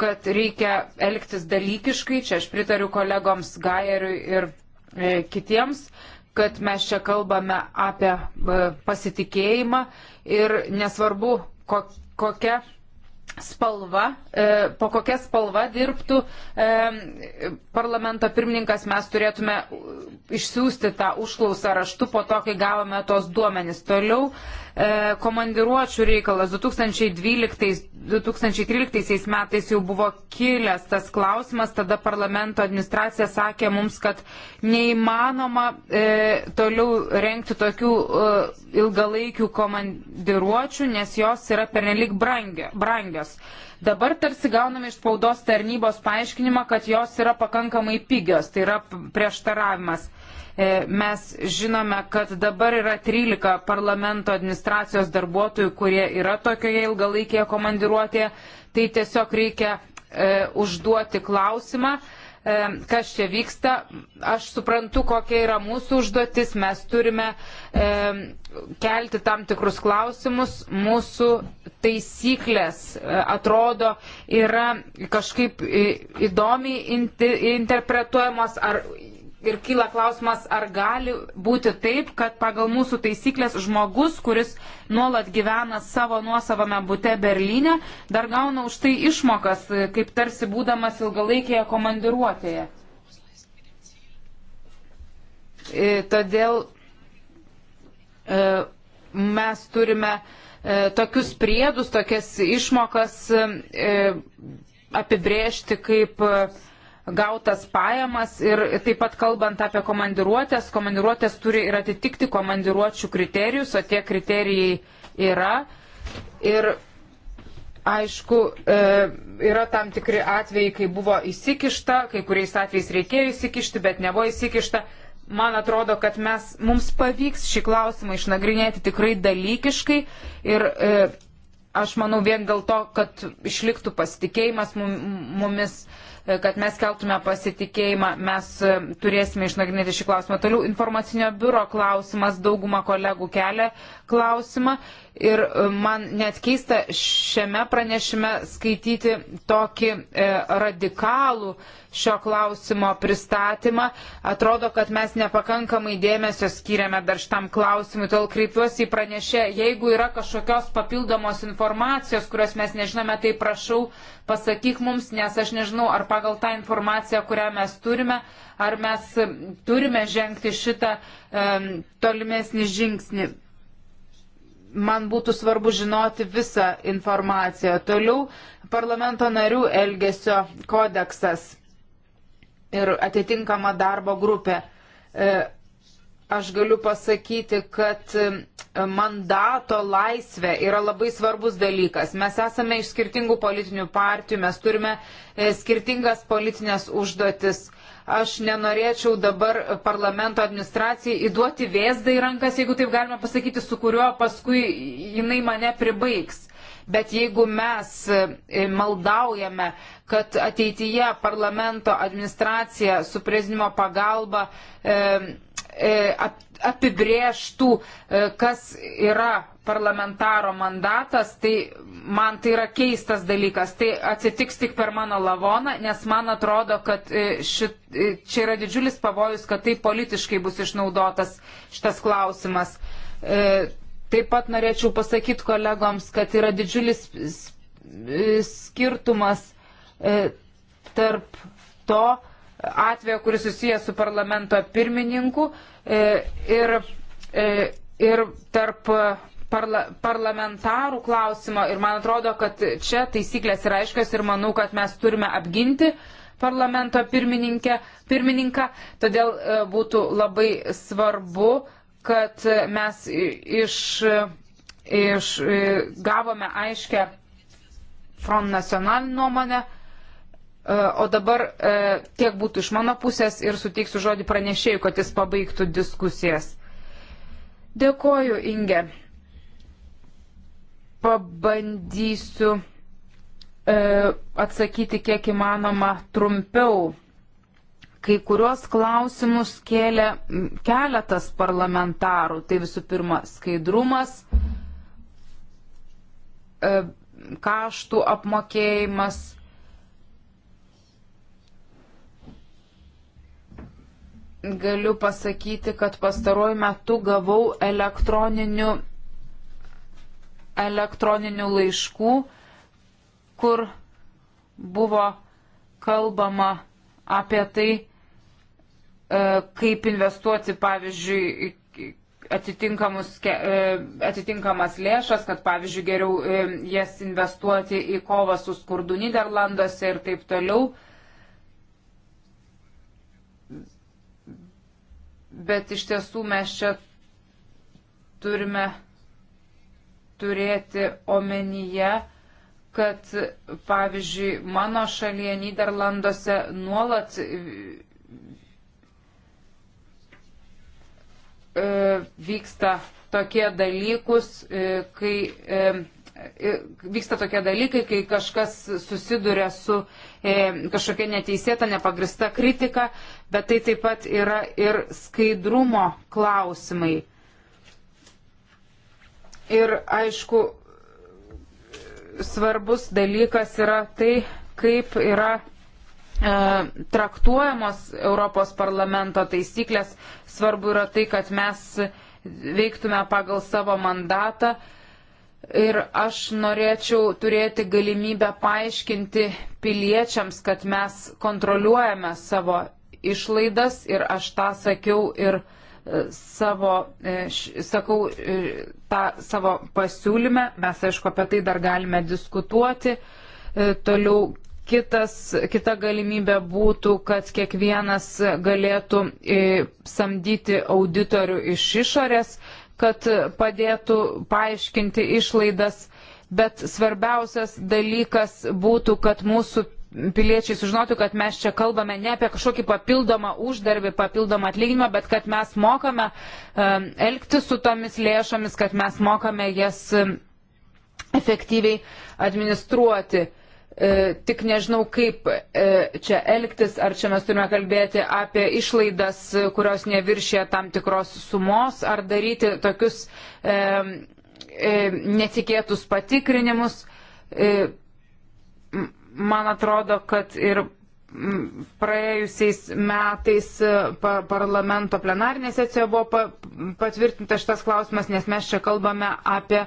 kad reikia elgtis dalykiškai, čia aš pritariu kolegoms Gajeriui ir e, kitiems, kad mes čia kalbame apie e, pasitikėjimą ir nesvarbu, kokia spalva, e, po kokia spalva dirbtų e, parlamento pirmininkas, mes turėtume išsiųsti tą užklausą raštu po to, kai gavome tos duomenys. Toliau E, komandiruočių reikalas. 2012-2013 metais jau buvo kilęs tas klausimas, tada parlamento administracija sakė mums, kad neįmanoma e, toliau renkti tokių e, ilgalaikių komandiruočių, nes jos yra pernelik brangios. Dabar tarsi gauname iš spaudos tarnybos paaiškinimą, kad jos yra pakankamai pigios, tai yra prieštaravimas. E, mes žinome, kad dabar yra 13 parlamento administracijos darbuotojų, kurie yra tokioje ilgalaikėje komandiruotėje. Tai tiesiog reikia e, užduoti klausimą e, kas čia vyksta. Aš suprantu, kokia yra mūsų užduotis. Mes turime e, kelti tam tikrus klausimus. Mūsų taisyklės, atrodo, yra kažkaip įdomiai interpretuojamos ar ir kyla klausimas, ar gali būti taip, kad pagal mūsų taisyklės žmogus, kuris nuolat gyvena savo nuosavame bute Berlyne, dar gauna už tai išmokas, kaip tarsi būdamas ilgalaikėje komandiruotėje. E, todėl e, mes turime e, tokius priedus, tokias išmokas apibrėžti kaip gautas pajamas ir taip pat kalbant apie komandiruotės, komandiruotės turi ir atitikti komandiruotčių kriterijus, o tie kriterijai yra. Ir aišku, e, yra tam tikri atvejai, kai buvo įsikišta, kai kuriais atvejais reikėjo įsikišti, bet nebuvo įsikišta. Man atrodo, kad mes, mums pavyks šį klausimą išnagrinėti tikrai dalykiškai ir e, aš manau vien dėl to, kad išliktų pasitikėjimas mumis. Mum, kad mes keltume pasitikėjimą, mes e, turėsime išnagrinėti šį klausimą. Toliau informacinio biuro klausimas, dauguma kolegų kelia klausimą Ir e, man net keista šiame pranešime skaityti tokį e, radikalų šio klausimo pristatymą. Atrodo, kad mes nepakankamai dėmesio skiriame dar šitam klausimui. Tol kreipiuosi į pranešę, jeigu yra kažkokios papildomos informacijos, kurios mes nežinome, tai prašau pasakyk mums, nes aš nežinau, ar pagal tą informaciją, kurią mes turime, ar mes turime žengti šitą e, tolimesnį žingsnį man būtų svarbu žinoti visą informaciją. Toliau parlamento narių elgesio kodeksas ir atitinkama darbo grupė. E, aš galiu pasakyti, kad e, mandato laisvė yra labai svarbus dalykas. Mes esame iš skirtingų politinių partijų, mes turime e, skirtingas politinės užduotis. Aš nenorėčiau dabar parlamento administracijai įduoti vėzdą į rankas, jeigu taip galima pasakyti, su kuriuo paskui jinai mane pribaigs. Bet jeigu mes e, maldaujame, kad ateityje parlamento administracija su prezidimo pagalba e, e apibrieštų, e, kas yra parlamentaro mandatas, tai man tai yra keistas dalykas. Tai atsitiks tik per mano lavoną, nes man atrodo, kad e, šit, e, čia yra didžiulis pavojus, kad tai politiškai bus išnaudotas šitas klausimas. E, taip pat norėčiau pasakyti kolegoms, kad yra didžiulis skirtumas tarp to atvejo, kuris susijęs su parlamento pirmininku ir, ir tarp parla parlamentarų klausimo ir man atrodo, kad čia taisyklės yra aiškios ir manau, kad mes turime apginti parlamento pirmininką, todėl e, būtų labai svarbu, kad mes iš, iš e, gavome aiškę Front National nuomonę, e, o dabar tiek būtų iš mano pusės ir suteiksiu žodį pranešėjui, kad jis pabaigtų diskusijas. Dėkoju, Inge pabandysiu e, atsakyti kiek įmanoma trumpiau. Kai kuriuos klausimus kėlė keletas parlamentarų. Tai visų pirma skaidrumas, e, kaštų apmokėjimas. Galiu pasakyti, kad pastaruoju metu gavau elektroniniu elektroninių laiškų, kur buvo kalbama apie tai, e, kaip investuoti, pavyzdžiui, e, atitinkamas lėšas, kad, pavyzdžiui, geriau e, jas investuoti į kovą su skurdu Niderlanduose ir taip toliau. Bet iš tiesų mes čia turime turėti omenyje, kad, pavyzdžiui, mano šalyje Niderlanduose nuolat e, vyksta tokie dalykus, e, kai e, vyksta tokie dalykai, kai kažkas susiduria su e, kažkokia neteisėta, nepagrista kritika, bet tai taip pat yra ir skaidrumo klausimai. Ir aišku, svarbus dalykas yra tai, kaip yra e, traktuojamos Europos parlamento taisyklės. Svarbu yra tai, kad mes veiktume pagal savo mandatą. Ir aš norėčiau turėti galimybę paaiškinti piliečiams, kad mes kontroliuojame savo išlaidas ir aš tą sakiau ir uh, E, savo, e, sakau, e, tą savo pasiūlymę. Mes, aišku, apie tai dar galime diskutuoti. Toliau kitas, kita galimybė būtų, kad kiekvienas galėtų samdyti auditorių iš išorės, kad padėtų paaiškinti išlaidas bet svarbiausias dalykas būtų, kad mūsų piliečiai sužinotų, kad mes čia kalbame ne apie kažkokį papildomą uždarbį, papildomą atlyginimą, bet kad mes mokame um, elgtis su tomis lėšomis, kad mes mokame jas um, efektyviai administruoti. E, tik nežinau, kaip e, čia elgtis, ar čia mes turime kalbėti apie išlaidas, kurios neviršė tam tikros sumos, ar daryti tokius e, e, netikėtus patikrinimus. E, man atrodo, kad ir praėjusiais metais e, parlamento plenarinė sesija buvo patvirtinta šitas klausimas, nes mes čia kalbame apie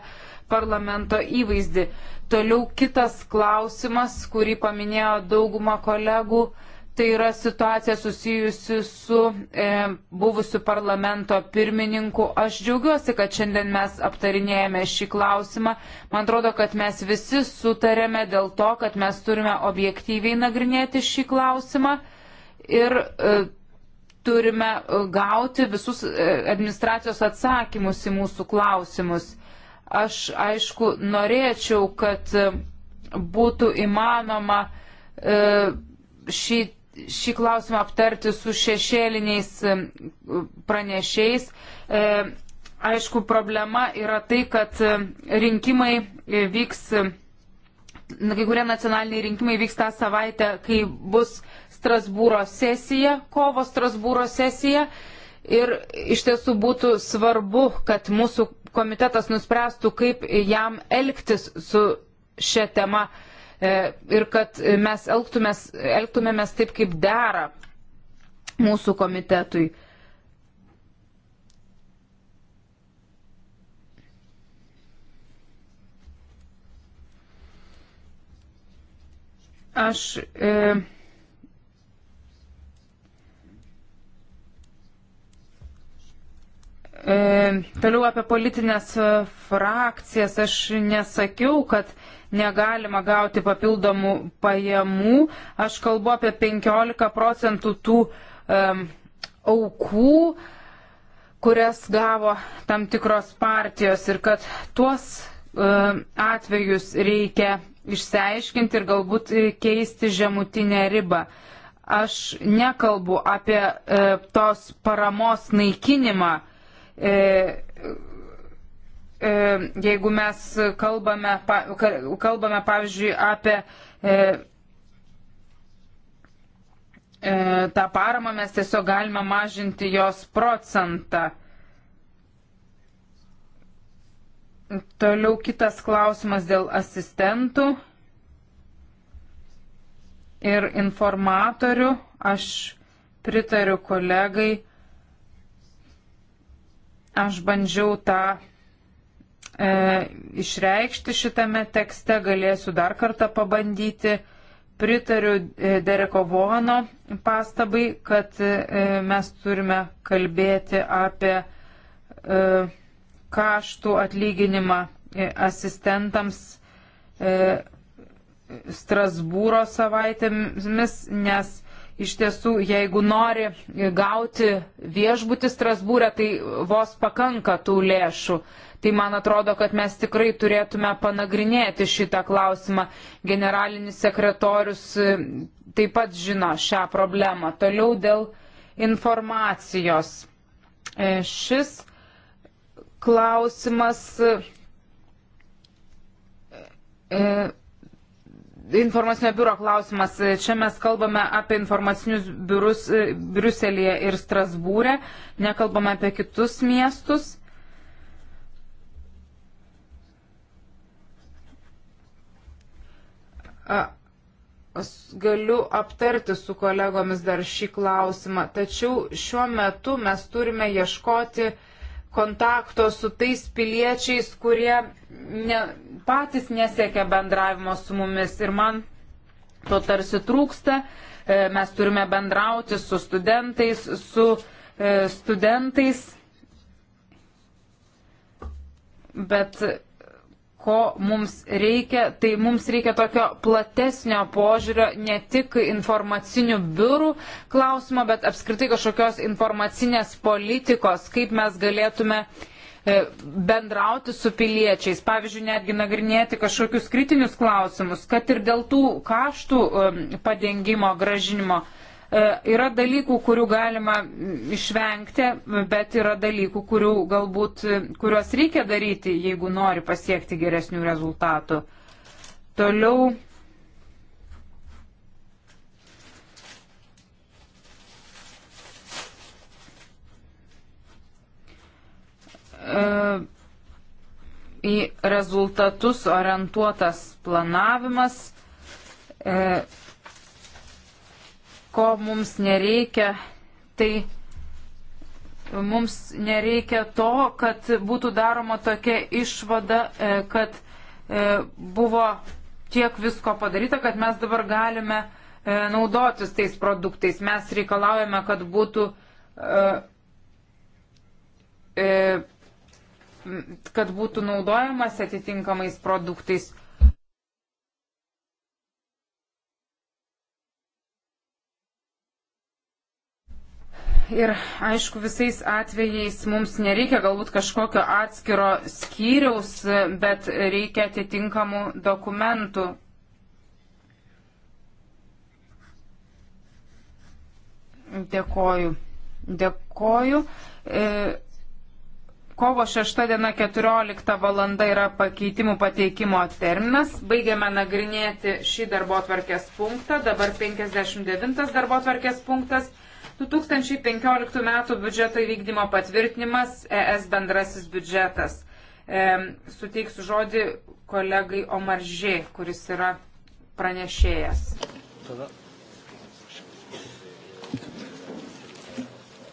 parlamento įvaizdį. Toliau kitas klausimas, kurį paminėjo dauguma kolegų, uh, Tai yra situacija susijusi su e, buvusiu parlamento pirmininku. Aš džiaugiuosi, kad šiandien mes aptarinėjame šį klausimą. Man atrodo, kad mes visi sutarėme dėl to, kad mes turime objektyviai nagrinėti šį klausimą ir e, turime e, gauti visus e, administracijos atsakymus į mūsų klausimus. Aš aišku norėčiau, kad e, būtų įmanoma. E, šį šį klausimą aptarti su šešėliniais pranešiais. E, aišku, problema yra tai, kad rinkimai e, vyks, kai kurie nacionaliniai rinkimai vyks tą savaitę, kai bus Strasbūro sesija, kovo Strasbūro sesija. Ir iš tiesų būtų svarbu, kad mūsų komitetas nuspręstų, kaip jam elgtis su šia tema. Uh, E, ir kad mes elgtumės, elgtumėmės taip, kaip dera mūsų komitetui. Aš e, E, toliau apie politinės frakcijas aš nesakiau, kad negalima gauti papildomų pajamų. Aš kalbu apie 15 procentų tų um, aukų, kurias gavo tam tikros partijos ir kad tuos um, atvejus reikia išsiaiškinti ir galbūt e, keisti žemutinę ribą aš nekalbu apie e, tos paramos naikinimą, e, E, jeigu mes kalbame, kalbame pavyzdžiui, apie e, e, tą paramą, mes tiesiog galime mažinti jos procentą. Toliau kitas klausimas dėl asistentų ir informatorių. Aš pritariu kolegai. Aš bandžiau tą e, išreikšti šitame tekste, galėsiu dar kartą pabandyti. Pritariu e, Dereko Vono pastabai, kad e, mes turime kalbėti apie e, kaštų atlyginimą e, asistentams e, Strasbūro savaitėmis, nes iš tiesų, jeigu nori gauti viešbutį Strasbūrę, tai vos pakanka tų lėšų. Tai man atrodo, kad mes tikrai turėtume panagrinėti šitą klausimą. Generalinis sekretorius e, taip pat žino šią problemą. Toliau dėl informacijos. E, šis klausimas. E, informacinio biuro klausimas. Čia mes kalbame apie informacinius biurus Briuselėje ir Strasbūrė, nekalbame apie kitus miestus. galiu aptarti su kolegomis dar šį klausimą, tačiau šiuo metu mes turime ieškoti kontakto su tais piliečiais, kurie ne, patys nesiekia bendravimo su mumis ir man to tarsi trūksta. E, mes turime bendrauti su studentais, su e, studentais, bet ko mums reikia, tai mums reikia tokio platesnio požiūrio, ne tik informacinių biurų klausimo, bet apskritai kažkokios informacinės politikos, kaip mes galėtume e, bendrauti su piliečiais, pavyzdžiui, netgi nagrinėti kažkokius kritinius klausimus, kad ir dėl tų kaštų e, padengimo, gražinimo. Uh, E, yra dalykų, kurių galima išvengti, bet yra dalykų, kurių galbūt, e, kuriuos reikia daryti, jeigu nori pasiekti geresnių rezultatų. Toliau. E, į rezultatus orientuotas planavimas ko mums nereikia, tai mums nereikia to, kad būtų daroma tokia išvada, e, kad e, buvo tiek visko padaryta, kad mes dabar galime e, naudotis tais produktais. Mes reikalaujame, kad būtų kad būtų naudojamas atitinkamais produktais. Ir aišku, visais atvejais mums nereikia galbūt kažkokio atskiro skyriaus, bet reikia atitinkamų dokumentų. Dėkoju. Dėkoju. E, kovo 6 diena 14 valanda yra pakeitimų pateikimo terminas. Baigiame nagrinėti šį darbo tvarkės punktą. Dabar 59 darbo tvarkės punktas. 2015 m. biudžeto įvykdymo patvirtinimas ES bendrasis biudžetas. E, suteiksiu žodį kolegai Omaržė, kuris yra pranešėjas. Tada.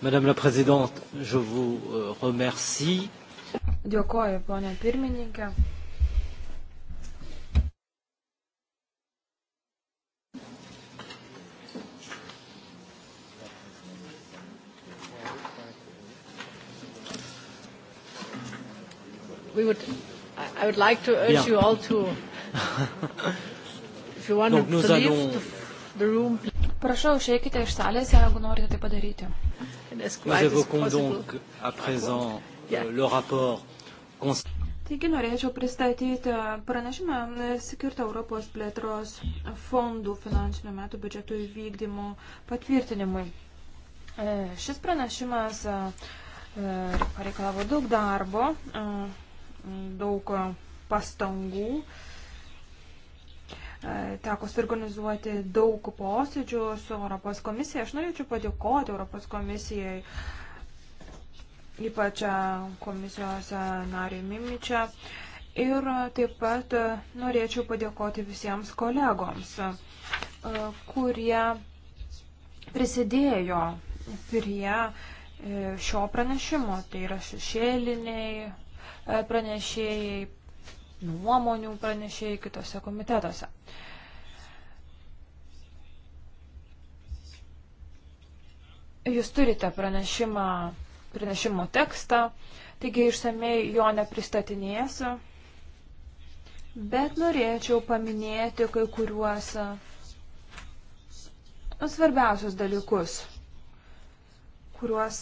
Madame la Présidente, je vous euh, remercie. Dėkoju, ponia pirmininkė. we would, I would like to urge Bien. you all to, if you want Donc, nu, to nu, leave allons... the room. Prašau, išeikite iš salės, jeigu norite tai padaryti. Nous évoquons donc à présent euh, yeah. le rapport. Taigi norėčiau pristatyti pranešimą skirtą Europos plėtros fondų finansinių metų biudžetų įvykdymų patvirtinimui. E, šis pranešimas e, e, pareikalavo daug darbo, daug pastangų. E, teko suorganizuoti daug posėdžių su Europos komisija. Aš norėčiau padėkoti Europos komisijai, ypač e, komisijos e, nariui Mimičia. Ir taip pat norėčiau padėkoti visiems kolegoms, kurie prisidėjo prie šio pranešimo. Tai yra šešėliniai, E, pranešėjai, nuomonių pranešėjai kitose komitetuose. Jūs turite pranešimą, pranešimo tekstą, taigi išsamei jo nepristatinėsiu, bet norėčiau paminėti kai kuriuos nu, svarbiausius dalykus, kuriuos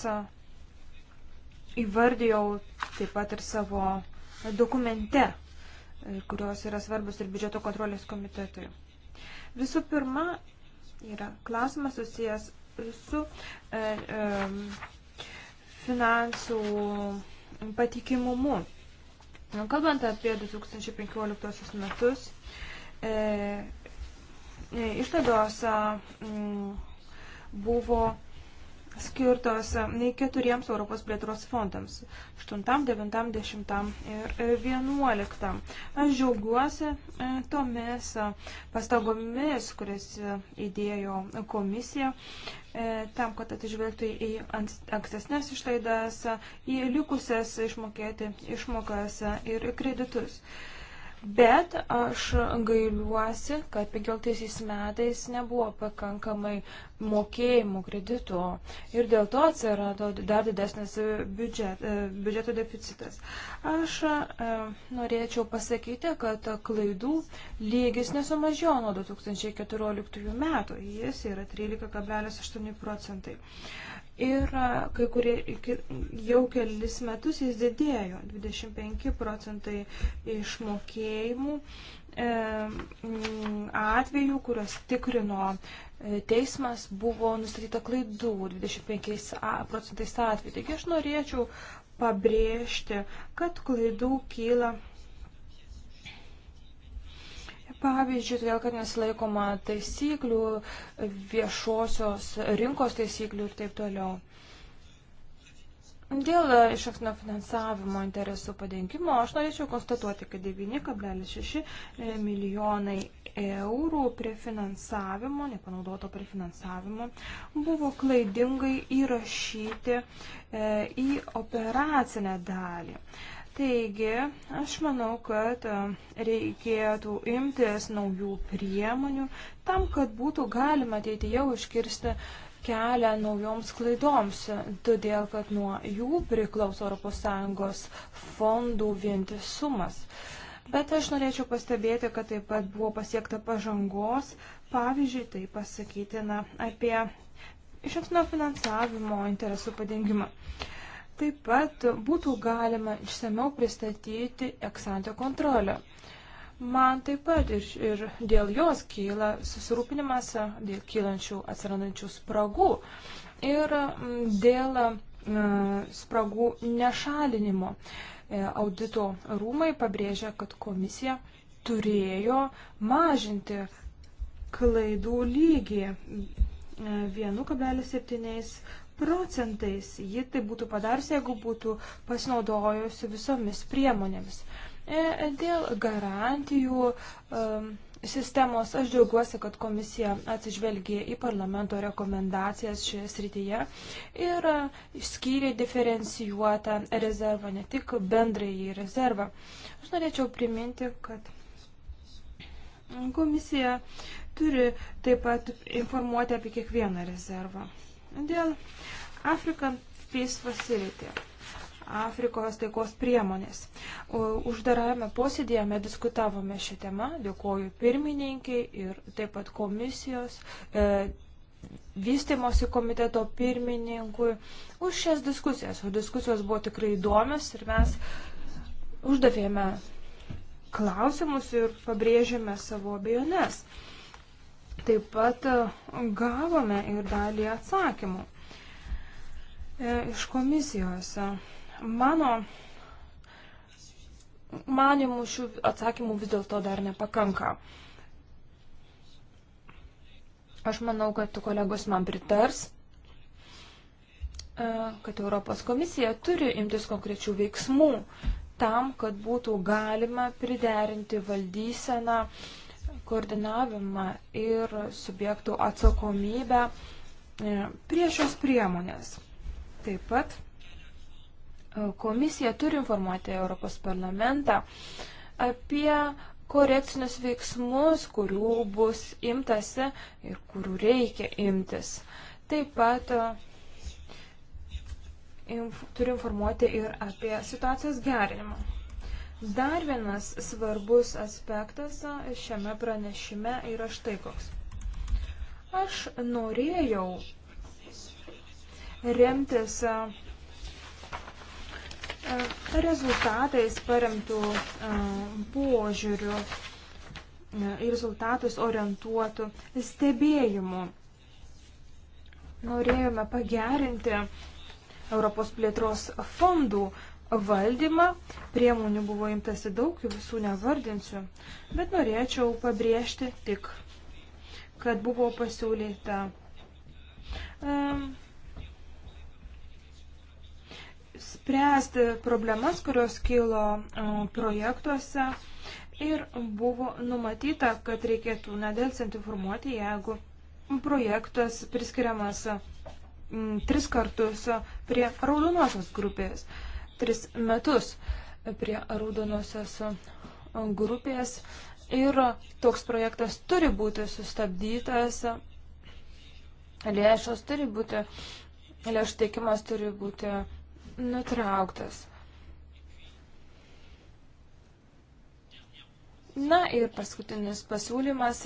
įvardėjau taip pat ir savo dokumente, kurios yra svarbus ir biudžeto kontrolės komitetui. Visų pirma, yra klausimas susijęs su e, e, finansų patikimumu. Kalbant apie 2015 metus, e, e, išlaidos e, buvo e, skirtos e, nei keturiems Europos plėtros fondams - 8, 9, 10 ir 11. E, Aš džiaugiuosi e, tomis pastagomis, kurias įdėjo komisija tam, kad atižvelgtų į ankstesnės išlaidas, į likusias išmokėti išmokas ir kreditus. Uh, Bet aš gailiuosi, kad 15 metais nebuvo pakankamai mokėjimų kreditų ir dėl to atsirado dar didesnis biudžet, e, biudžeto deficitas. Aš e, norėčiau pasakyti, kad klaidų lygis nesumažėjo nuo 2014 metų, jis yra 13,8 procentai ir kai kurie jau kelis metus jis didėjo 25 procentai išmokėjimų e, atvejų, kurios tikrino e, teismas, buvo nustatyta klaidų 25 procentais atvejų. Taigi aš norėčiau pabrėžti, kad klaidų kyla Pavyzdžiui, todėl, kad nesilaikoma taisyklių, viešosios rinkos taisyklių ir taip toliau. Dėl išaktinio finansavimo interesų padengimo aš norėčiau konstatuoti, kad 9,6 milijonai eurų prefinansavimo, nepanaudoto prefinansavimo, buvo klaidingai įrašyti e, į operacinę dalį. E, Taigi, aš manau, kad e, reikėtų imtis naujų priemonių tam, kad būtų galima ateityje užkirsti kelią naujoms klaidoms, todėl kad nuo jų priklauso ES fondų vientisumas. Bet aš norėčiau pastebėti, kad taip pat buvo pasiekta pažangos, pavyzdžiui, tai pasakytina apie iš anksinio finansavimo interesų padengimą. Uh, Taip pat būtų galima išsameu pristatyti eksantę kontrolę. Man taip pat ir, ir dėl jos kyla susirūpinimas, dėl kylančių atsirandančių spragų ir mm, dėl mm, spragų nešalinimo. E, audito rūmai pabrėžia, kad komisija turėjo mažinti klaidų lygį 1,7 e, procentais. Ji tai būtų padarusi, jeigu būtų pasinaudojusi visomis priemonėmis. E, dėl garantijų um, sistemos aš džiaugiuosi, kad komisija atsižvelgė į parlamento rekomendacijas šioje srityje ir išskyrė e, diferencijuotą rezervą, ne tik bendrąjį rezervą. Aš norėčiau priminti, kad komisija turi taip pat informuoti apie kiekvieną rezervą. Dėl African Peace Facility. Afrikos taikos priemonės. Uždarame posėdėje mes diskutavome šią temą. Dėkoju pirmininkiai ir taip pat komisijos e, vystimosi komiteto pirmininkui už šias diskusijas. O diskusijos buvo tikrai įdomios ir mes uždavėme klausimus ir pabrėžėme savo abejonės. Taip pat e, gavome ir dalį atsakymų e, iš komisijos. Mano manimų šių atsakymų vis dėlto dar nepakanka. Aš manau, kad kolegos man pritars, e, kad Europos komisija turi imtis konkrečių veiksmų tam, kad būtų galima priderinti valdyseną uh, koordinavimą ir subjektų atsakomybę e, prie šios priemonės. Taip pat e, komisija turi informuoti Europos parlamentą apie korekcinius veiksmus, kurių bus imtasi ir kurių reikia imtis. Taip pat e, inf, turi informuoti ir apie situacijos gerinimą. Dar vienas svarbus aspektas šiame pranešime yra štai koks. Aš norėjau remtis rezultatais paremtų požiūrių, rezultatus orientuotų stebėjimų. Norėjome pagerinti Europos plėtros fondų uh, valdymą. Priemonių buvo imtasi daug, visų nevardinsiu, bet norėčiau pabrėžti tik, kad buvo pasiūlyta um, spręsti problemas, kurios kilo um, projektuose ir buvo numatyta, kad reikėtų nedelsiant informuoti, jeigu projektas priskiriamas mm, tris kartus prie raudonosios grupės tris metus prie raudonosios grupės ir toks projektas turi būti sustabdytas, lėšos turi būti, lėšų teikimas turi būti nutrauktas. Na ir paskutinis pasiūlymas.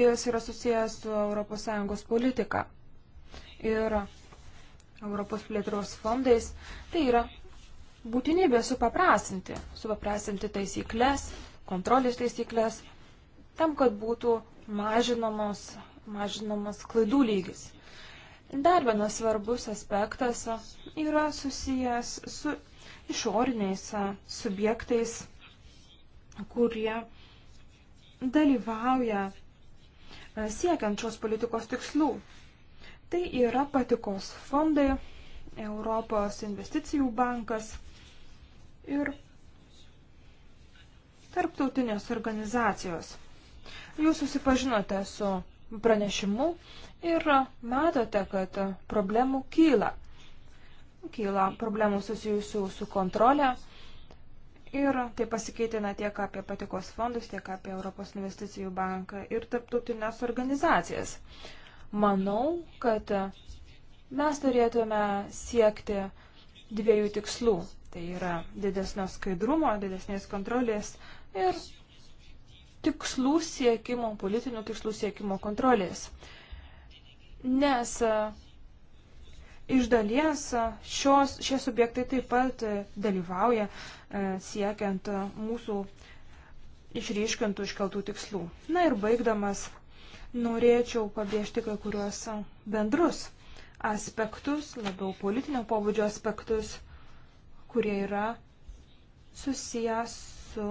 Jis yra susijęs su ES politika ir Europos plėtros fondais, tai yra būtinybė supaprastinti, supaprastinti taisyklės, kontrolės taisyklės, tam, kad būtų mažinamos, mažinamas klaidų lygis. Dar vienas svarbus aspektas yra susijęs su išoriniais subjektais, kurie dalyvauja siekiančios politikos tikslų. Tai yra patikos fondai, Europos investicijų bankas ir tarptautinės organizacijos. Jūs susipažinote su pranešimu ir matote, kad problemų kyla. Kyla problemų susijusių su kontrolė ir tai pasikeitina tiek apie patikos fondus, tiek apie Europos investicijų banką ir tarptautinės organizacijas. Manau, kad mes turėtume siekti dviejų tikslų. Tai yra didesnio skaidrumo, didesnės kontrolės ir tikslų siekimo, politinių tikslų siekimo kontrolės. Nes e, iš dalies šios, šie subjektai taip pat dalyvauja e, siekiant mūsų išryškintų iškeltų tikslų. Na ir baigdamas norėčiau pabrėžti kai kuriuos bendrus aspektus, labiau politinio pobūdžio aspektus, kurie yra susijęs su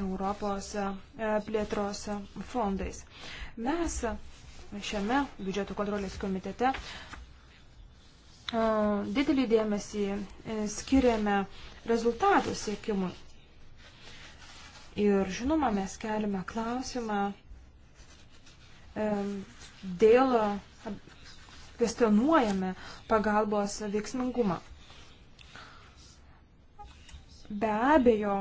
Europos e, plėtros fondais. Mes šiame biudžeto kontrolės komitete e, didelį dėmesį e, skiriame rezultatų siekimui. Ir žinoma, mes keliame klausimą, dėl kvestionuojame pagalbos veiksmingumą. Be abejo,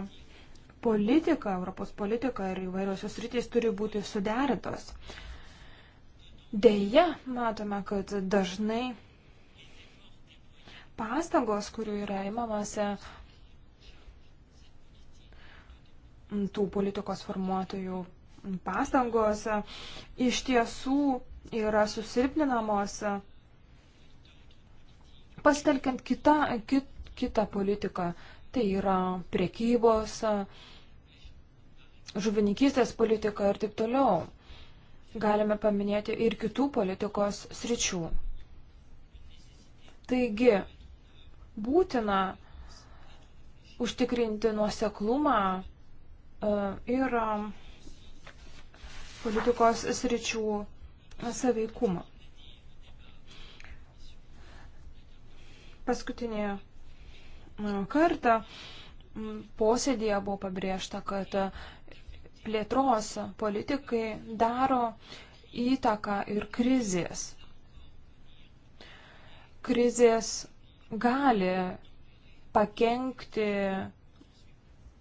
politika, Europos politika ir įvairios jos rytis turi būti suderintos. Deja, matome, kad dažnai pastangos, kurių yra įmamasi tų politikos formuotojų pastangos iš tiesų yra susilpninamos pasitelkiant kitą, kit, kitą politiką. Tai yra priekybos, žuvininkystės politika ir taip toliau. Galime paminėti ir kitų politikos sričių. Taigi, būtina užtikrinti nuoseklumą e, ir uh, politikos sričių saveikumą. Paskutinėje kartą posėdėje buvo pabrėžta, kad plėtros politikai daro įtaką ir krizės. Krizės gali pakenkti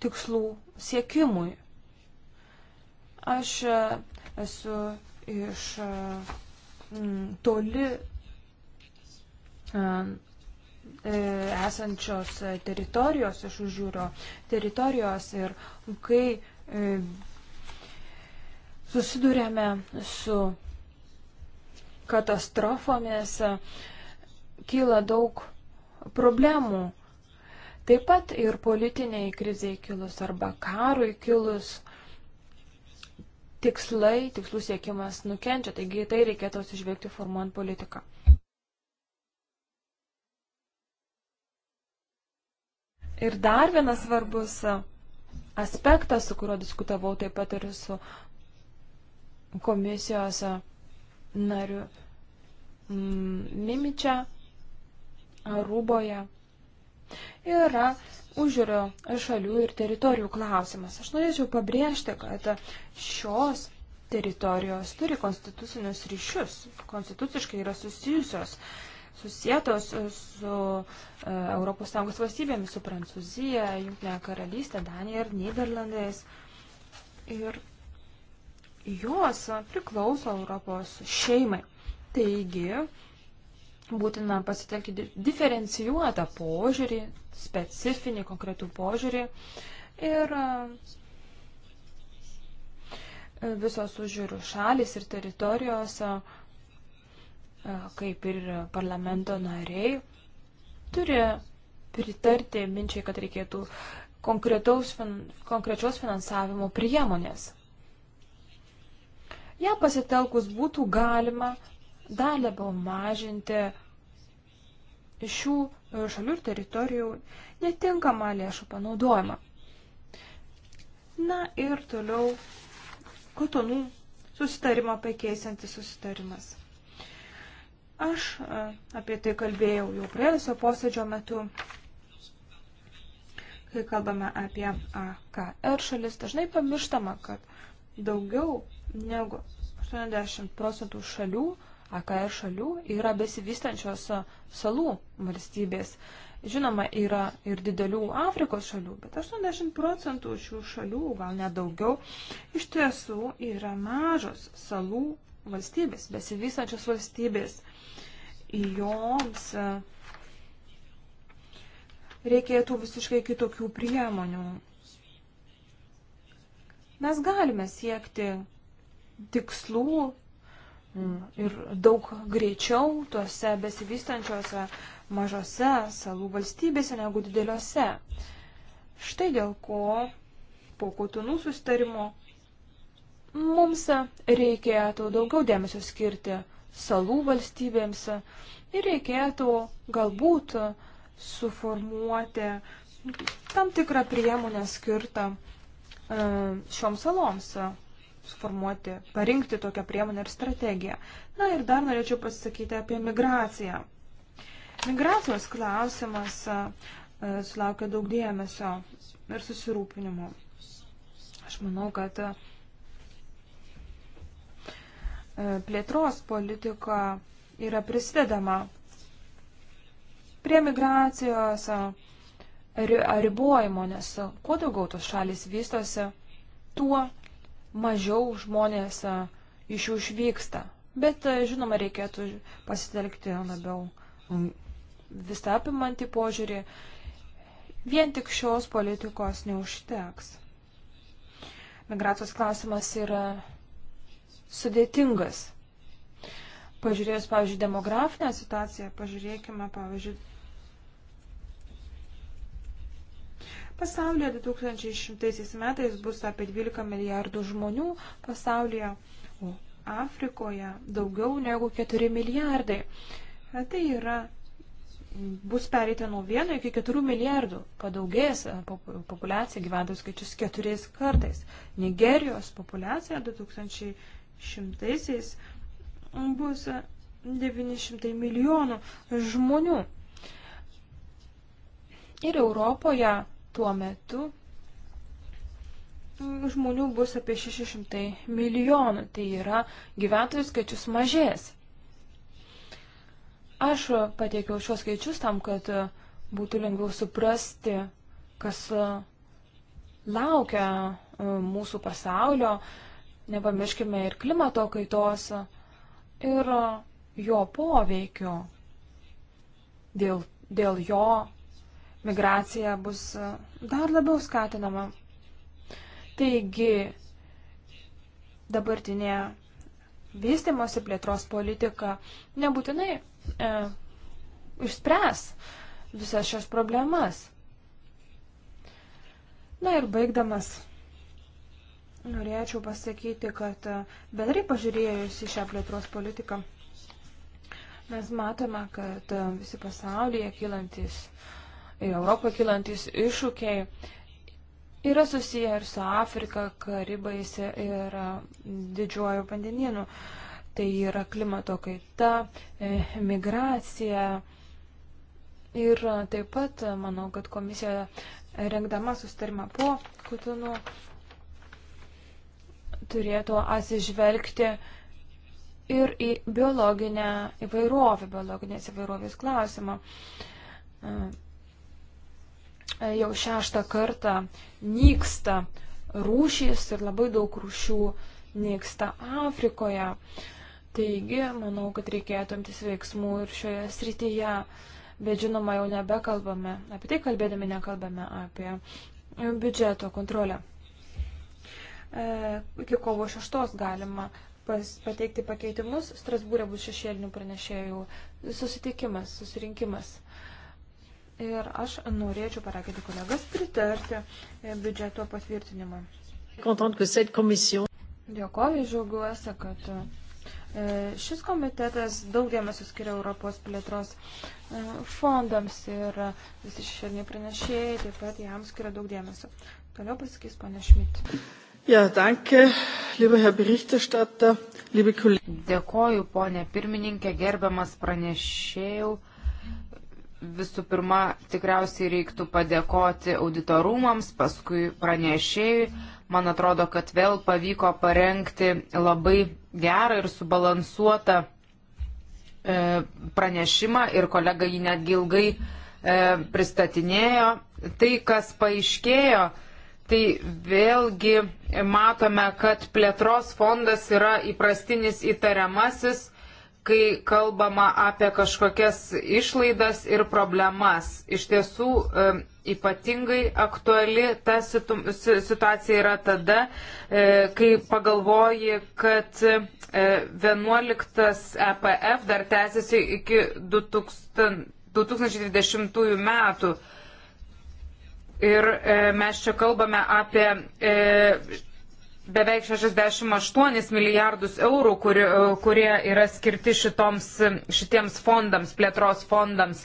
tikslų siekimui. Aš e, esu iš e, toli e, esančios teritorijos, iš užjūrio teritorijos ir kai susidurėme su katastrofomis, kyla daug problemų. Taip pat ir politiniai kriziai kilus arba karui kilus tikslai, tikslų siekimas nukenčia, taigi tai reikėtų atsižvelgti formuojant politiką. Ir dar vienas svarbus aspektas, su kuriuo diskutavau taip pat ir su komisijos nariu mm, Mimičia Rūboje yra užžiūrio šalių ir teritorijų klausimas. Aš norėčiau pabrėžti, kad šios teritorijos turi konstitucinius ryšius, konstituciškai yra susijusios, susietos su ES valstybėmis, su Prancūzija, Junktinė karalystė, Danija ir Niderlandais. Ir jos priklauso Europos šeimai. Taigi, būtina pasitelkti diferencijuotą požiūrį, specifinį konkretų požiūrį ir e, visos užžiūrių šalis ir teritorijos, e, kaip ir parlamento nariai, turi pritarti minčiai, kad reikėtų konkrečios finansavimo priemonės. Ja pasitelkus būtų galima dar labiau mažinti šių šalių ir teritorijų netinkamą lėšų panaudojimą. Na ir toliau kotonų susitarimo pakeisantis susitarimas. Aš apie tai kalbėjau jau praėjusio posėdžio metu. Kai kalbame apie AKR šalis, dažnai pamirštama, kad daugiau negu 80 procentų šalių AKR šalių yra besivystančios salų valstybės. Žinoma, yra ir didelių Afrikos šalių, bet 80 procentų šių šalių, gal net daugiau, iš tiesų yra mažos salų valstybės, besivystančios valstybės. Joms e, reikėtų visiškai kitokių priemonių. Mes galime siekti tikslų Mm. ir daug greičiau tuose besivystančiuose mažose salų valstybėse negu dideliuose. Štai dėl ko po kotinų sustarimo mums reikėtų daugiau dėmesio skirti salų valstybėms ir reikėtų galbūt suformuoti tam tikrą priemonę skirtą e, šioms saloms suformuoti, parinkti tokią priemonę ir strategiją. Na ir dar norėčiau pasakyti apie migraciją. Migracijos klausimas sulaukia daug dėmesio ir susirūpinimo. Aš manau, kad plėtros politika yra prisidedama prie migracijos ribojimo, nes kuo daugiau tos šalis vystosi, tuo mažiau žmonės iš jų išvyksta. Bet, žinoma, reikėtų pasitelkti labiau visą apimantį požiūrį. Vien tik šios politikos neužteks. Migracijos klausimas yra sudėtingas. Pažiūrėjus, pavyzdžiui, demografinę situaciją, pažiūrėkime, pavyzdžiui, Pasaulyje 2100 metais bus apie 12 milijardų žmonių pasaulyje, o Afrikoje daugiau negu 4 milijardai. Tai yra, bus pereita nuo 1 iki 4 milijardų, padaugės e, populiacija gyventojų skaičius keturiais kartais. Nigerijos populiacija 2100 bus 900 milijonų žmonių. Ir Europoje tuo metu žmonių bus apie 600 milijonų, tai yra gyventojų skaičius mažės. Aš pateikiau šios skaičius tam, kad būtų lengviau suprasti, kas laukia e, mūsų pasaulio, nepamirškime ir klimato kaitos ir jo poveikio. Dėl, dėl jo migracija bus e, dar labiau skatinama. Taigi, dabartinė vystimosi plėtros politika nebūtinai e, išspręs visas šias problemas. Na ir baigdamas, norėčiau pasakyti, kad e, bendrai pažiūrėjus į šią plėtros politiką, mes matome, kad e, visi pasaulyje kylantis e, ir Europoje kilantis iššūkiai yra susiję ir su Afrika, Karibais ir mm, didžiuoju vandeninu. Tai yra klimato kaita, eh, migracija. Ir taip pat manau, kad komisija eh, rengdama sustarimą po Kutinu turėtų atsižvelgti ir į biologinę įvairovę, biologinės įvairovės klausimą. Eh, jau šeštą kartą nyksta rūšys ir labai daug rūšių nyksta Afrikoje. Taigi, manau, kad reikėtų imtis veiksmų ir šioje srityje, bet žinoma, jau nebekalbame, apie tai kalbėdami nekalbame apie biudžeto kontrolę. E, iki kovo šeštos galima pas, pateikti pakeitimus. Strasbūrė bus šešėlinių pranešėjų susitikimas, susirinkimas ir aš norėčiau paraginti kolegas pritarti e, biudžeto patvirtinimą. Dėkoju, žiaugiuosi, kad e, šis komitetas daug dėmesio skiria Europos plėtros e, fondams ir visi šešėliniai pranešėjai taip pat jam skiria daug dėmesio. Toliau pasakys ponė Šmit. Ja, danke, liebe Herr Berichterstatter, liebe Kollegen. Dėkoju, ponė pirmininkė, gerbiamas pranešėjau visų pirma, tikriausiai reiktų padėkoti auditorumams, paskui pranešėjui. Man atrodo, kad vėl pavyko parengti labai gerą ir subalansuotą e, pranešimą ir kolega jį netgi ilgai e, pristatinėjo. Tai, kas paaiškėjo, tai vėlgi matome, kad plėtros fondas yra įprastinis įtariamasis kai kalbama apie kažkokias išlaidas ir problemas. Iš tiesų e, ypatingai aktuali ta situ, situacija yra tada, e, kai pagalvoji, kad e, 11 EPF dar tęsiasi iki 2000, 2020 metų. Ir e, mes čia kalbame apie e, beveik 68 milijardus eurų, kur, e, kurie yra skirti šitoms, šitiems fondams, plėtros fondams.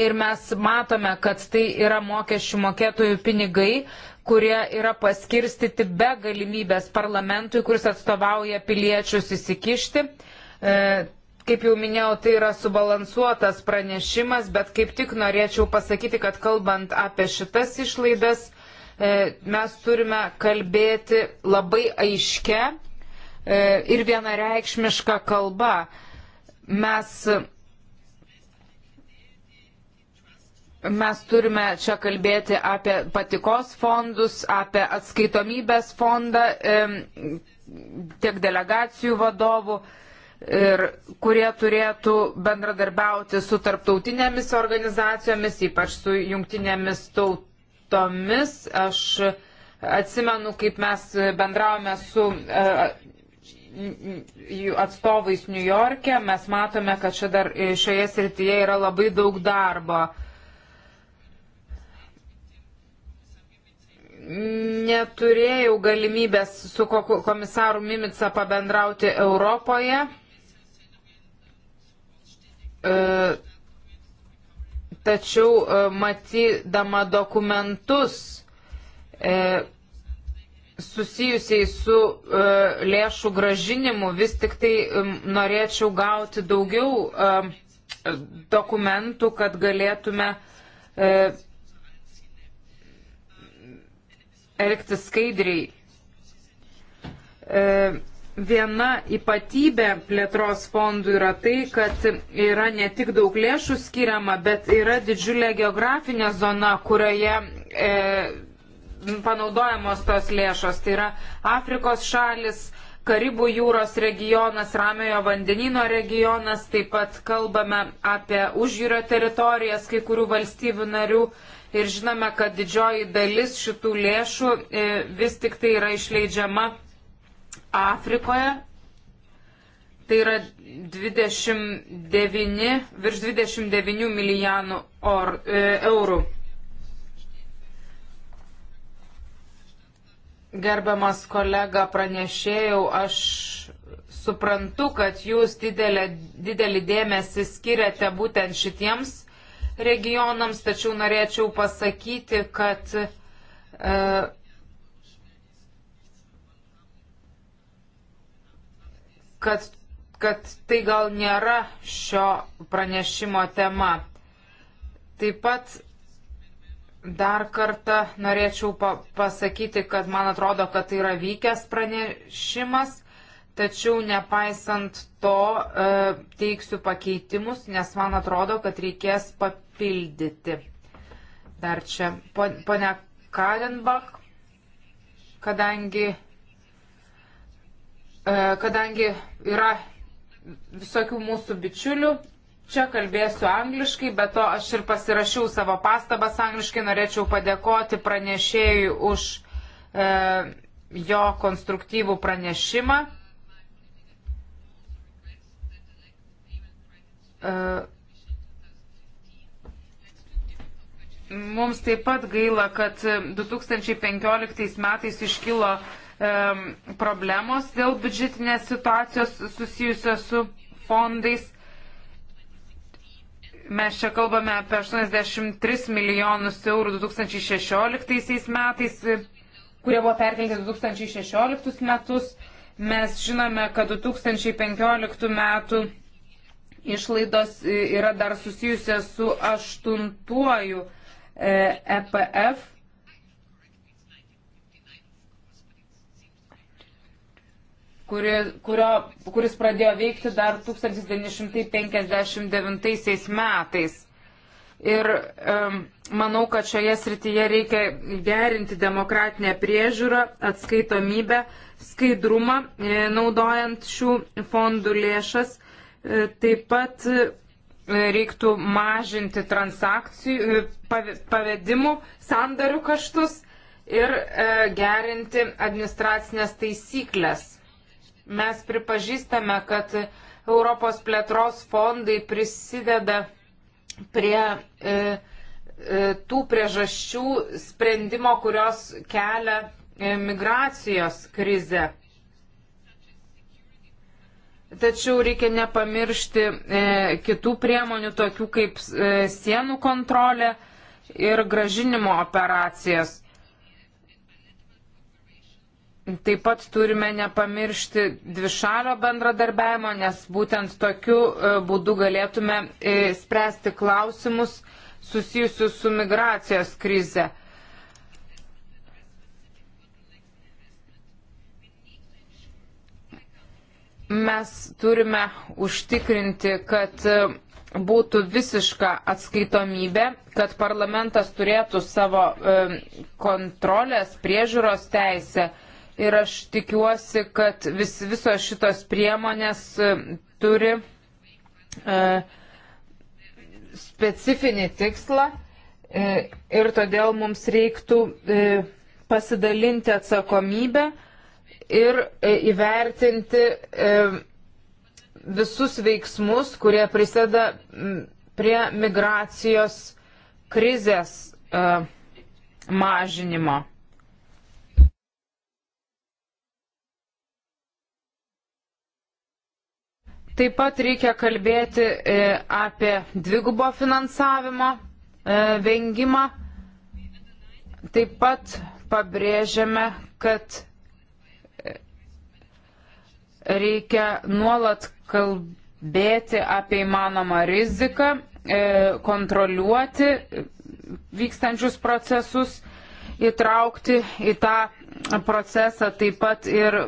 Ir mes matome, kad tai yra mokesčių mokėtojų pinigai, kurie yra paskirstyti be galimybės parlamentui, kuris atstovauja piliečius įsikišti. E, kaip jau minėjau, tai yra subalansuotas pranešimas, bet kaip tik norėčiau pasakyti, kad kalbant apie šitas išlaidas, E, mes turime kalbėti labai aiškę e, ir vienareikšmišką kalbą. Mes mes turime čia kalbėti apie patikos fondus, apie atskaitomybės fondą e, tiek delegacijų vadovų, ir, kurie turėtų bendradarbiauti su tarptautinėmis organizacijomis, ypač su jungtinėmis taut, tomis. Aš atsimenu, kaip mes bendravome su e, e, atstovais New York'e, mes matome, kad čia dar e, šioje srityje yra labai daug darbo. Neturėjau galimybės su komisaru Mimica pabendrauti Europoje. E, tačiau e, matydama dokumentus e, susijusiai su e, lėšų gražinimu, vis tik tai e, norėčiau gauti daugiau e, dokumentų, kad galėtume e, elgtis skaidriai. E, Viena ypatybė plėtros fondų yra tai, kad yra ne tik daug lėšų skiriama, bet yra didžiulė geografinė zona, kurioje e, panaudojamos tos lėšos. Tai yra Afrikos šalis, Karibų jūros regionas, Ramiojo vandenino regionas, taip pat kalbame apie užjūrio teritorijas kai kurių valstybių narių. Ir žinome, kad didžioji dalis šitų lėšų e, vis tik tai yra išleidžiama Afrikoje. Tai yra 29, virš 29 milijonų or, e, eurų. Gerbiamas kolega pranešėjau, aš suprantu, kad jūs didelė, didelį dėmesį skiriate būtent šitiems regionams, tačiau norėčiau pasakyti, kad e, kad, kad tai gal nėra šio pranešimo tema. Taip pat dar kartą norėčiau pa pasakyti, kad man atrodo, kad tai yra vykęs pranešimas, tačiau nepaisant to e, teiksiu pakeitimus, nes man atrodo, kad reikės papildyti. Dar čia, ponia Kalenbach, kadangi E, kadangi yra visokių mūsų bičiulių, čia kalbėsiu angliškai, bet to aš ir pasirašiau savo pastabas angliškai, norėčiau padėkoti pranešėjui už e, jo konstruktyvų pranešimą. E, mums taip pat gaila, kad 2015 e, metais iškilo e, problemos dėl biudžetinės situacijos susijusios su fondais. Mes čia kalbame apie 83 milijonus eurų 2016 metais, kurie buvo perkelti 2016 metus. Mes žinome, kad 2015 metų išlaidos yra dar susijusios su aštuntuoju EPF e kuri, kurio, kuris pradėjo veikti dar 1959 metais. Ir um, manau, kad šioje srityje reikia gerinti demokratinę priežiūrą, atskaitomybę, skaidrumą, e, naudojant šių fondų lėšas. E, taip pat e, reiktų mažinti transakcijų, e, pavedimų, sandarių kaštus ir e, gerinti administracinės taisyklės. Mes pripažįstame, kad Europos plėtros fondai prisideda prie e, e tų priežasčių sprendimo, kurios kelia e, migracijos krizę. Tačiau reikia nepamiršti e, kitų priemonių, tokių kaip e, sienų kontrolė ir gražinimo operacijas. Taip pat turime nepamiršti dvišalio bendradarbiavimo, nes būtent tokiu e, būdu galėtume e, spręsti klausimus susijusius su migracijos krize. Mes turime užtikrinti, kad e, būtų visiška atskaitomybė, kad parlamentas turėtų savo kontrolės priežiūros teisę ir aš tikiuosi, kad vis, visos šitos priemonės e, turi e, specifinį tikslą e, ir todėl mums reiktų e, pasidalinti atsakomybę ir e, įvertinti e, visus veiksmus, kurie prisėda prie migracijos krizės e, mažinimo. Taip pat reikia kalbėti e, apie dvigubo finansavimo e, vengimą. Taip pat pabrėžiame, kad e, reikia nuolat kalbėti apie įmanomą riziką, kontroliuoti vykstančius procesus, įtraukti į tą procesą taip pat ir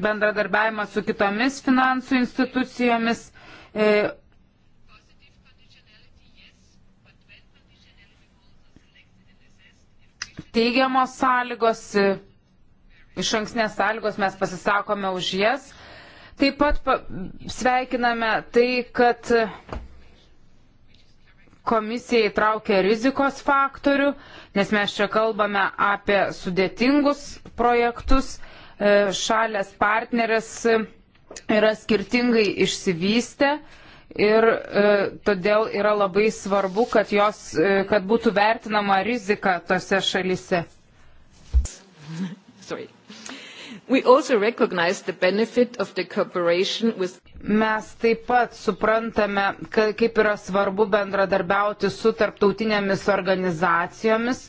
bendradarbiavimą su kitomis finansų institucijomis. E, teigiamos sąlygos, e, iš anksnės sąlygos mes pasisakome už jas. Taip pat sveikiname tai, kad komisija įtraukė rizikos faktorių, nes mes čia kalbame apie sudėtingus projektus. E, šalės partnerės yra skirtingai išsivystę. Ir e, todėl yra labai svarbu, kad, jos, e, kad būtų vertinama rizika tose šalise. Sorry. With... Mes taip pat suprantame, kaip yra svarbu bendradarbiauti su tarptautinėmis organizacijomis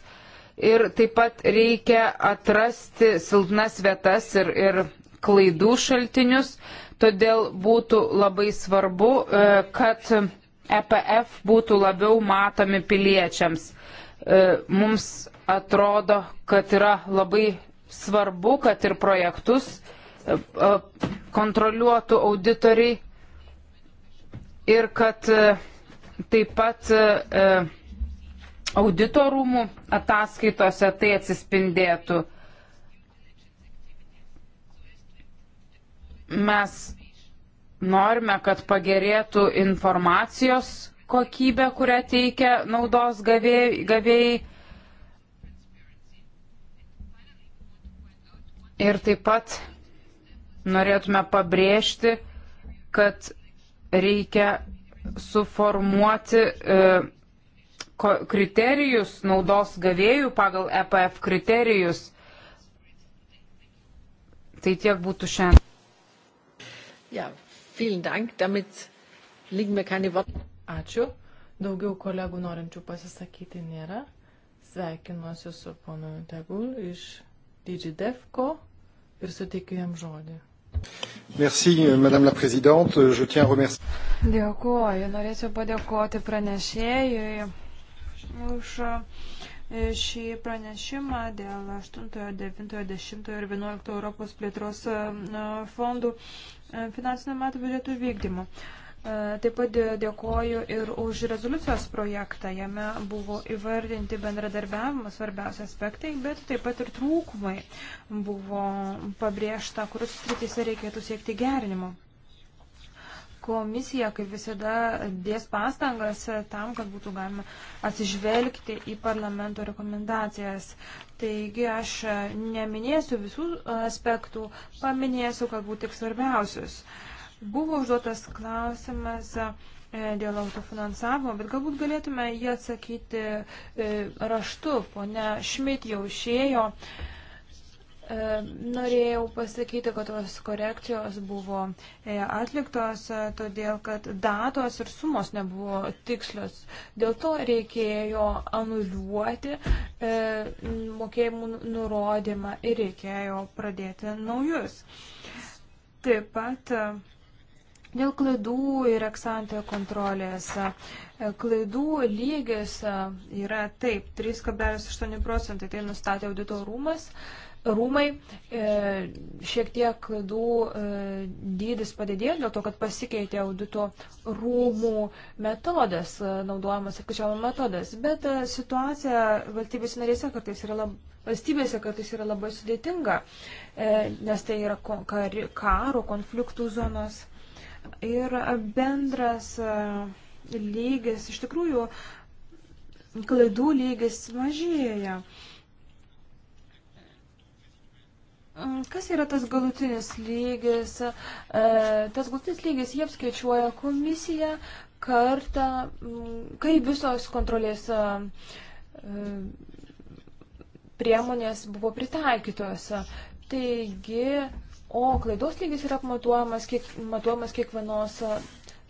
ir taip pat reikia atrasti silpnas vietas ir, ir klaidų šaltinius. Todėl būtų labai svarbu, e, kad EPF būtų labiau matomi piliečiams. E, mums atrodo, kad yra labai svarbu, kad ir projektus e, kontroliuotų auditoriai ir kad taip pat auditorumų ataskaitose tai atsispindėtų. Mes norime, kad pagerėtų informacijos kokybė, kurią teikia naudos gavėjai. Ir taip pat norėtume pabrėžti, kad reikia suformuoti e, kriterijus, naudos gavėjų pagal EPF kriterijus. Tai tiek būtų šiandien. Ja, vielen Dank, damit liegen mir keine Worte. Ačiū. Daugiau kolegų norinčių pasisakyti nėra. Sveikinuosi su ponu Tegul iš DigiDefco ir suteikiu jam žodį. Merci, Madame la Présidente. Je tiens à remercier. Dėkuoju. Norėčiau padėkoti pranešėjui už e, šį pranešimą dėl 8, 9, 10 ir 11 Europos plėtros e, fondų e, finansinio metų biudžetų vykdymo. Taip pat dėkoju ir už rezoliucijos projektą. Jame buvo įvardinti bendradarbiavimo svarbiausi aspektai, bet taip pat ir trūkumai buvo pabrėžta, kuriuose srityse reikėtų siekti gerinimo. Komisija, kaip visada, dės pastangas tam, kad būtų galima atsižvelgti į parlamento rekomendacijas. Taigi aš neminėsiu visų aspektų, paminėsiu galbūt tik svarbiausius. Buvo užduotas klausimas e, dėl autofinansavimo, bet galbūt galėtume jį atsakyti e, raštu. Pone Šmit jau išėjo. E, E, norėjau pasakyti, kad tos korekcijos buvo e, atliktos, e, todėl kad datos ir sumos nebuvo tikslios. Dėl to reikėjo anuliuoti mokėjimų nurodymą ir reikėjo pradėti naujus. Taip pat dėl klaidų ir eksantė kontrolės. Klaidų lygis yra taip, 3,8 procentai, tai nustatė audito rūmas rūmai, e, šiek tiek klaidų e, dydis padidėjo dėl to, kad pasikeitė audito rūmų metodas, e, naudojamas apskaičiavimo metodas, bet situacija valstybės narėse kartais yra labai. Valstybėse kartais yra labai sudėtinga, nes tai yra karo, konfliktų zonos. Ir bendras lygis, iš tikrųjų, klaidų lygis mažėja. E, Kas yra tas galutinis lygis? E, tas galutinis lygis jie apskaičiuoja komisiją kartą, mm, kai visos kontrolės e, priemonės buvo pritaikytos. Taigi, o klaidos lygis yra matuojamas, kiek, matuojamas kiekvienos,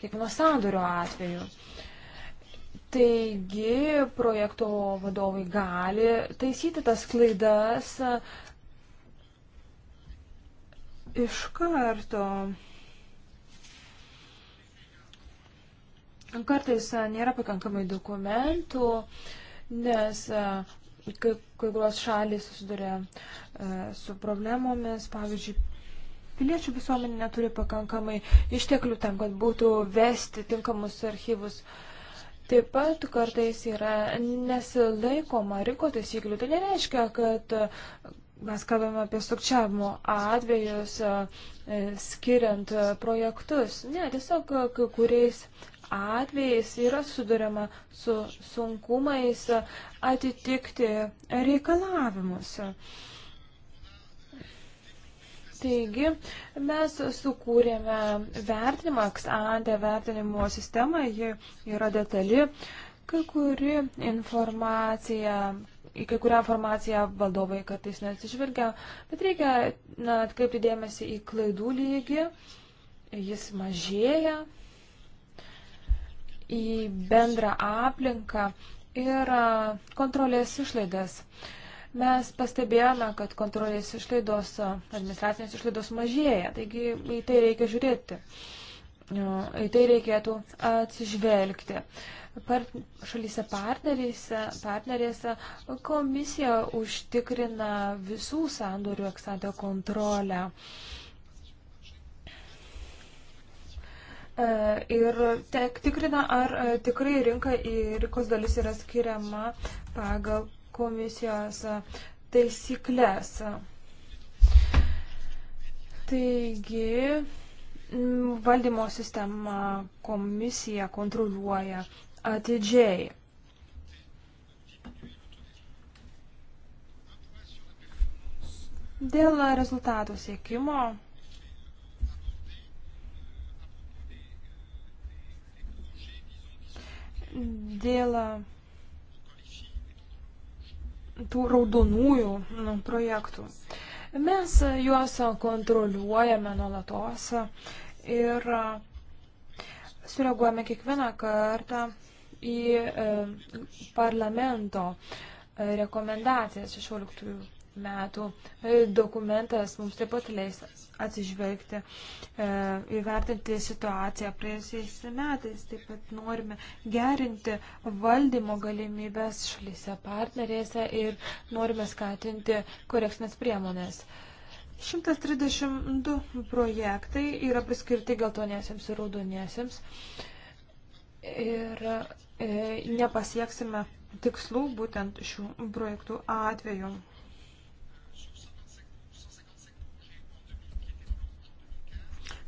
kiekvienos sandorio atveju. Taigi, projekto vadovai gali taisyti tas klaidas iš karto. Kartais nėra pakankamai dokumentų, nes kai kurios šalys susiduria su problemomis, pavyzdžiui, piliečių visuomenė neturi pakankamai išteklių tam, kad būtų vesti tinkamus archyvus. Taip pat kartais yra nesilaikoma rinkos taisyklių. Tai nereiškia, kad mes kalbame apie sukčiavimo atvejus, e, skiriant e, projektus. Ne, tiesiog e, kai kuriais atvejais yra sudurima su sunkumais atitikti reikalavimus. Taigi mes sukūrėme vertinimą, eksantę vertinimo sistemą, ji yra detali, kai kuri informacija į kai kurią informaciją valdovai kartais neatsižvelgia, bet reikia na, atkreipti dėmesį į klaidų lygį, jis mažėja, į bendrą aplinką ir kontrolės išlaidas. Mes pastebėjome, kad kontrolės išlaidos, administracinės išlaidos mažėja, taigi į tai reikia žiūrėti, į tai reikėtų atsižvelgti. Uh, par, šalyse partnerėse, partnerėse komisija užtikrina visų sandorių ekstantę kontrolę. E, ir tek, tikrina, ar e, tikrai rinka ir rinkos dalis yra skiriama pagal komisijos taisyklės. Taigi, valdymo sistema komisija kontroliuoja atidžiai. Dėl rezultatų siekimo dėl tų raudonųjų nu, projektų. Mes juos kontroliuojame nuolatos ir sureaguojame kiekvieną kartą į e, parlamento e, rekomendacijas 16 metų e, dokumentas mums taip pat leis atsižvelgti, įvertinti situaciją praėjusiais metais. Taip pat norime gerinti valdymo galimybės šalyse partnerėse ir norime skatinti koreksinės priemonės. 132 projektai yra priskirti geltoniesiems ir raudoniesiems. Ir E, nepasieksime tikslų būtent šių projektų atveju.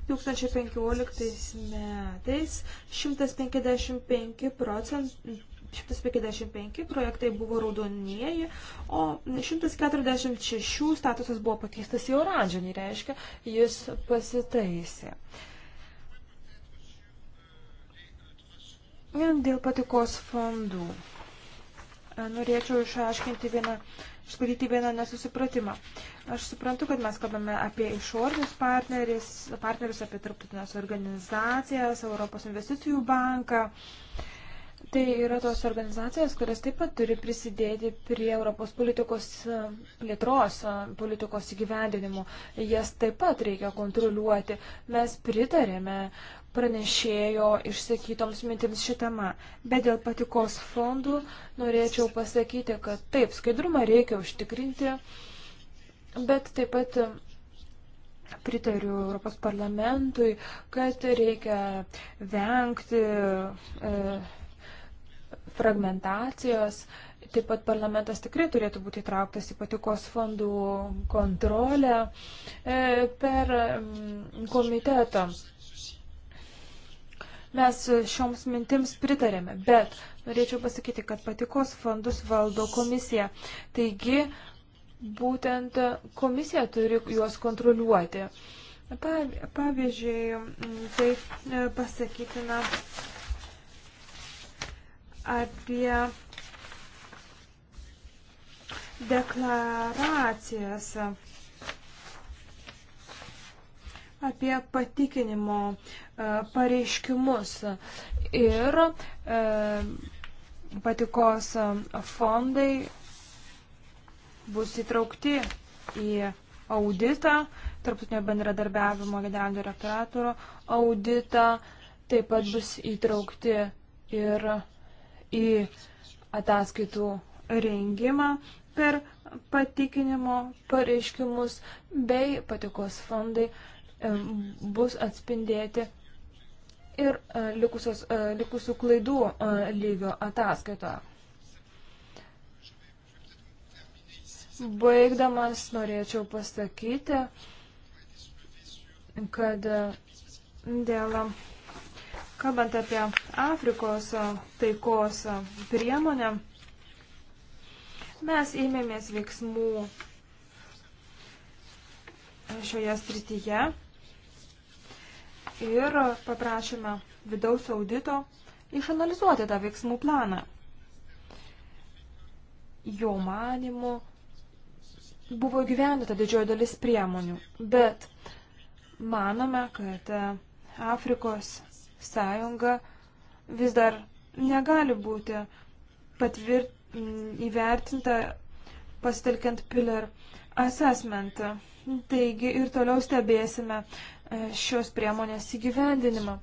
Tūkstančiai penkioliktais metais 155 procentų 155 projektai buvo raudonieji, o 146 statusas buvo pakeistas į oranžinį, reiškia, jis pasitaisė. Uh, Dėl patikos fondų. E, norėčiau išaiškinti vieną, išklaidyti vieną nesusipratimą. Aš suprantu, kad mes kalbame apie išorinius partnerius, partnerius apie tarptautinės organizacijas, Europos investicijų banką. Uh, Tai yra tos organizacijos, kurios taip pat turi prisidėti prie Europos politikos e, plėtros, e, politikos įgyvendinimo. Jas taip pat reikia kontroliuoti. Mes pritarėme pranešėjo išsakytoms mintims šitama. Bet dėl patikos fondų norėčiau pasakyti, kad taip, skaidrumą reikia užtikrinti, bet taip pat e, pritariu Europos parlamentui, kad reikia vengti. E, fragmentacijos. Taip pat parlamentas tikrai turėtų būti įtrauktas į patikos fondų kontrolę e, per mm, komitetą. Mes šioms mintims pritarėme, bet norėčiau pasakyti, kad patikos fondus valdo komisija. Taigi, būtent komisija turi juos kontroliuoti. Pavyzdžiui, mm, tai e, pasakytina apie deklaracijas, apie patikinimo e, pareiškimus ir e, patikos fondai bus įtraukti į auditą, tarptautinio bendradarbiavimo generalinio direktorato auditą, taip pat bus įtraukti ir į ataskaitų rengimą per patikinimo pareiškimus bei patikos fondai e, bus atspindėti ir e, likusios, e, likusių klaidų lygio ataskaitoje. Baigdamas norėčiau pasakyti, kad dėl Kalbant apie Afrikos taikos priemonę, mes ėmėmės veiksmų šioje srityje ir paprašėme vidaus audito išanalizuoti tą veiksmų planą. Jo manimu buvo gyvenita didžioji dalis priemonių, bet manome, kad Afrikos sąjunga vis dar negali būti patvirt, įvertinta pasitelkiant pillar assessment. Taigi ir toliau stebėsime e, šios priemonės įgyvendinimą.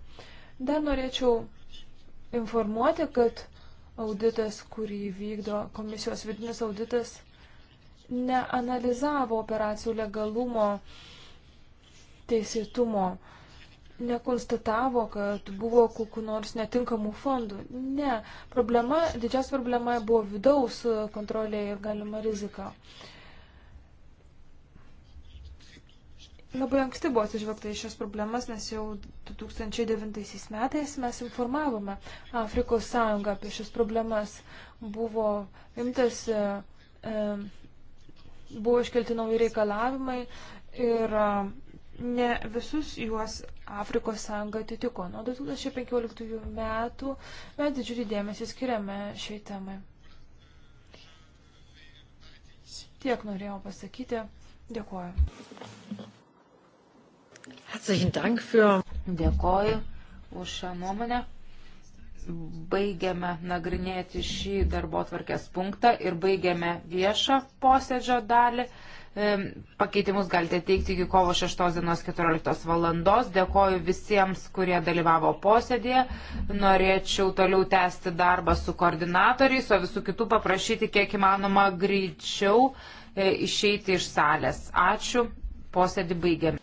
Dar norėčiau informuoti, kad auditas, kurį vykdo komisijos vidinis auditas, neanalizavo operacijų legalumo, teisėtumo nekonstatavo, kad buvo kokiu nors netinkamų fondų. Ne, problema, didžiausia problema buvo vidaus kontrolė ir galima rizika. Labai anksti buvo atsižvelgta į šias problemas, nes jau 2009 metais mes informavome Afrikos sąjungą apie šias problemas. Buvo imtas, e, buvo iškelti nauji reikalavimai ir ne visus juos Afrikos sąjunga atitiko. Nuo 2015 metų mes didžiulį dėmesį skiriame šiai temai. Tiek norėjau pasakyti. Dėkuoju. Dėkuoju už šią nuomonę. Baigiame nagrinėti šį darbo tvarkės punktą ir baigiame viešą posėdžio dalį. E, pakeitimus galite teikti iki kovo 6 dienos 14 valandos. Dėkoju visiems, kurie dalyvavo posėdėje. Norėčiau toliau tęsti darbą su koordinatoriais, o visų kitų paprašyti kiek įmanoma greičiau e, išeiti iš salės. Ačiū. Posėdį baigiam.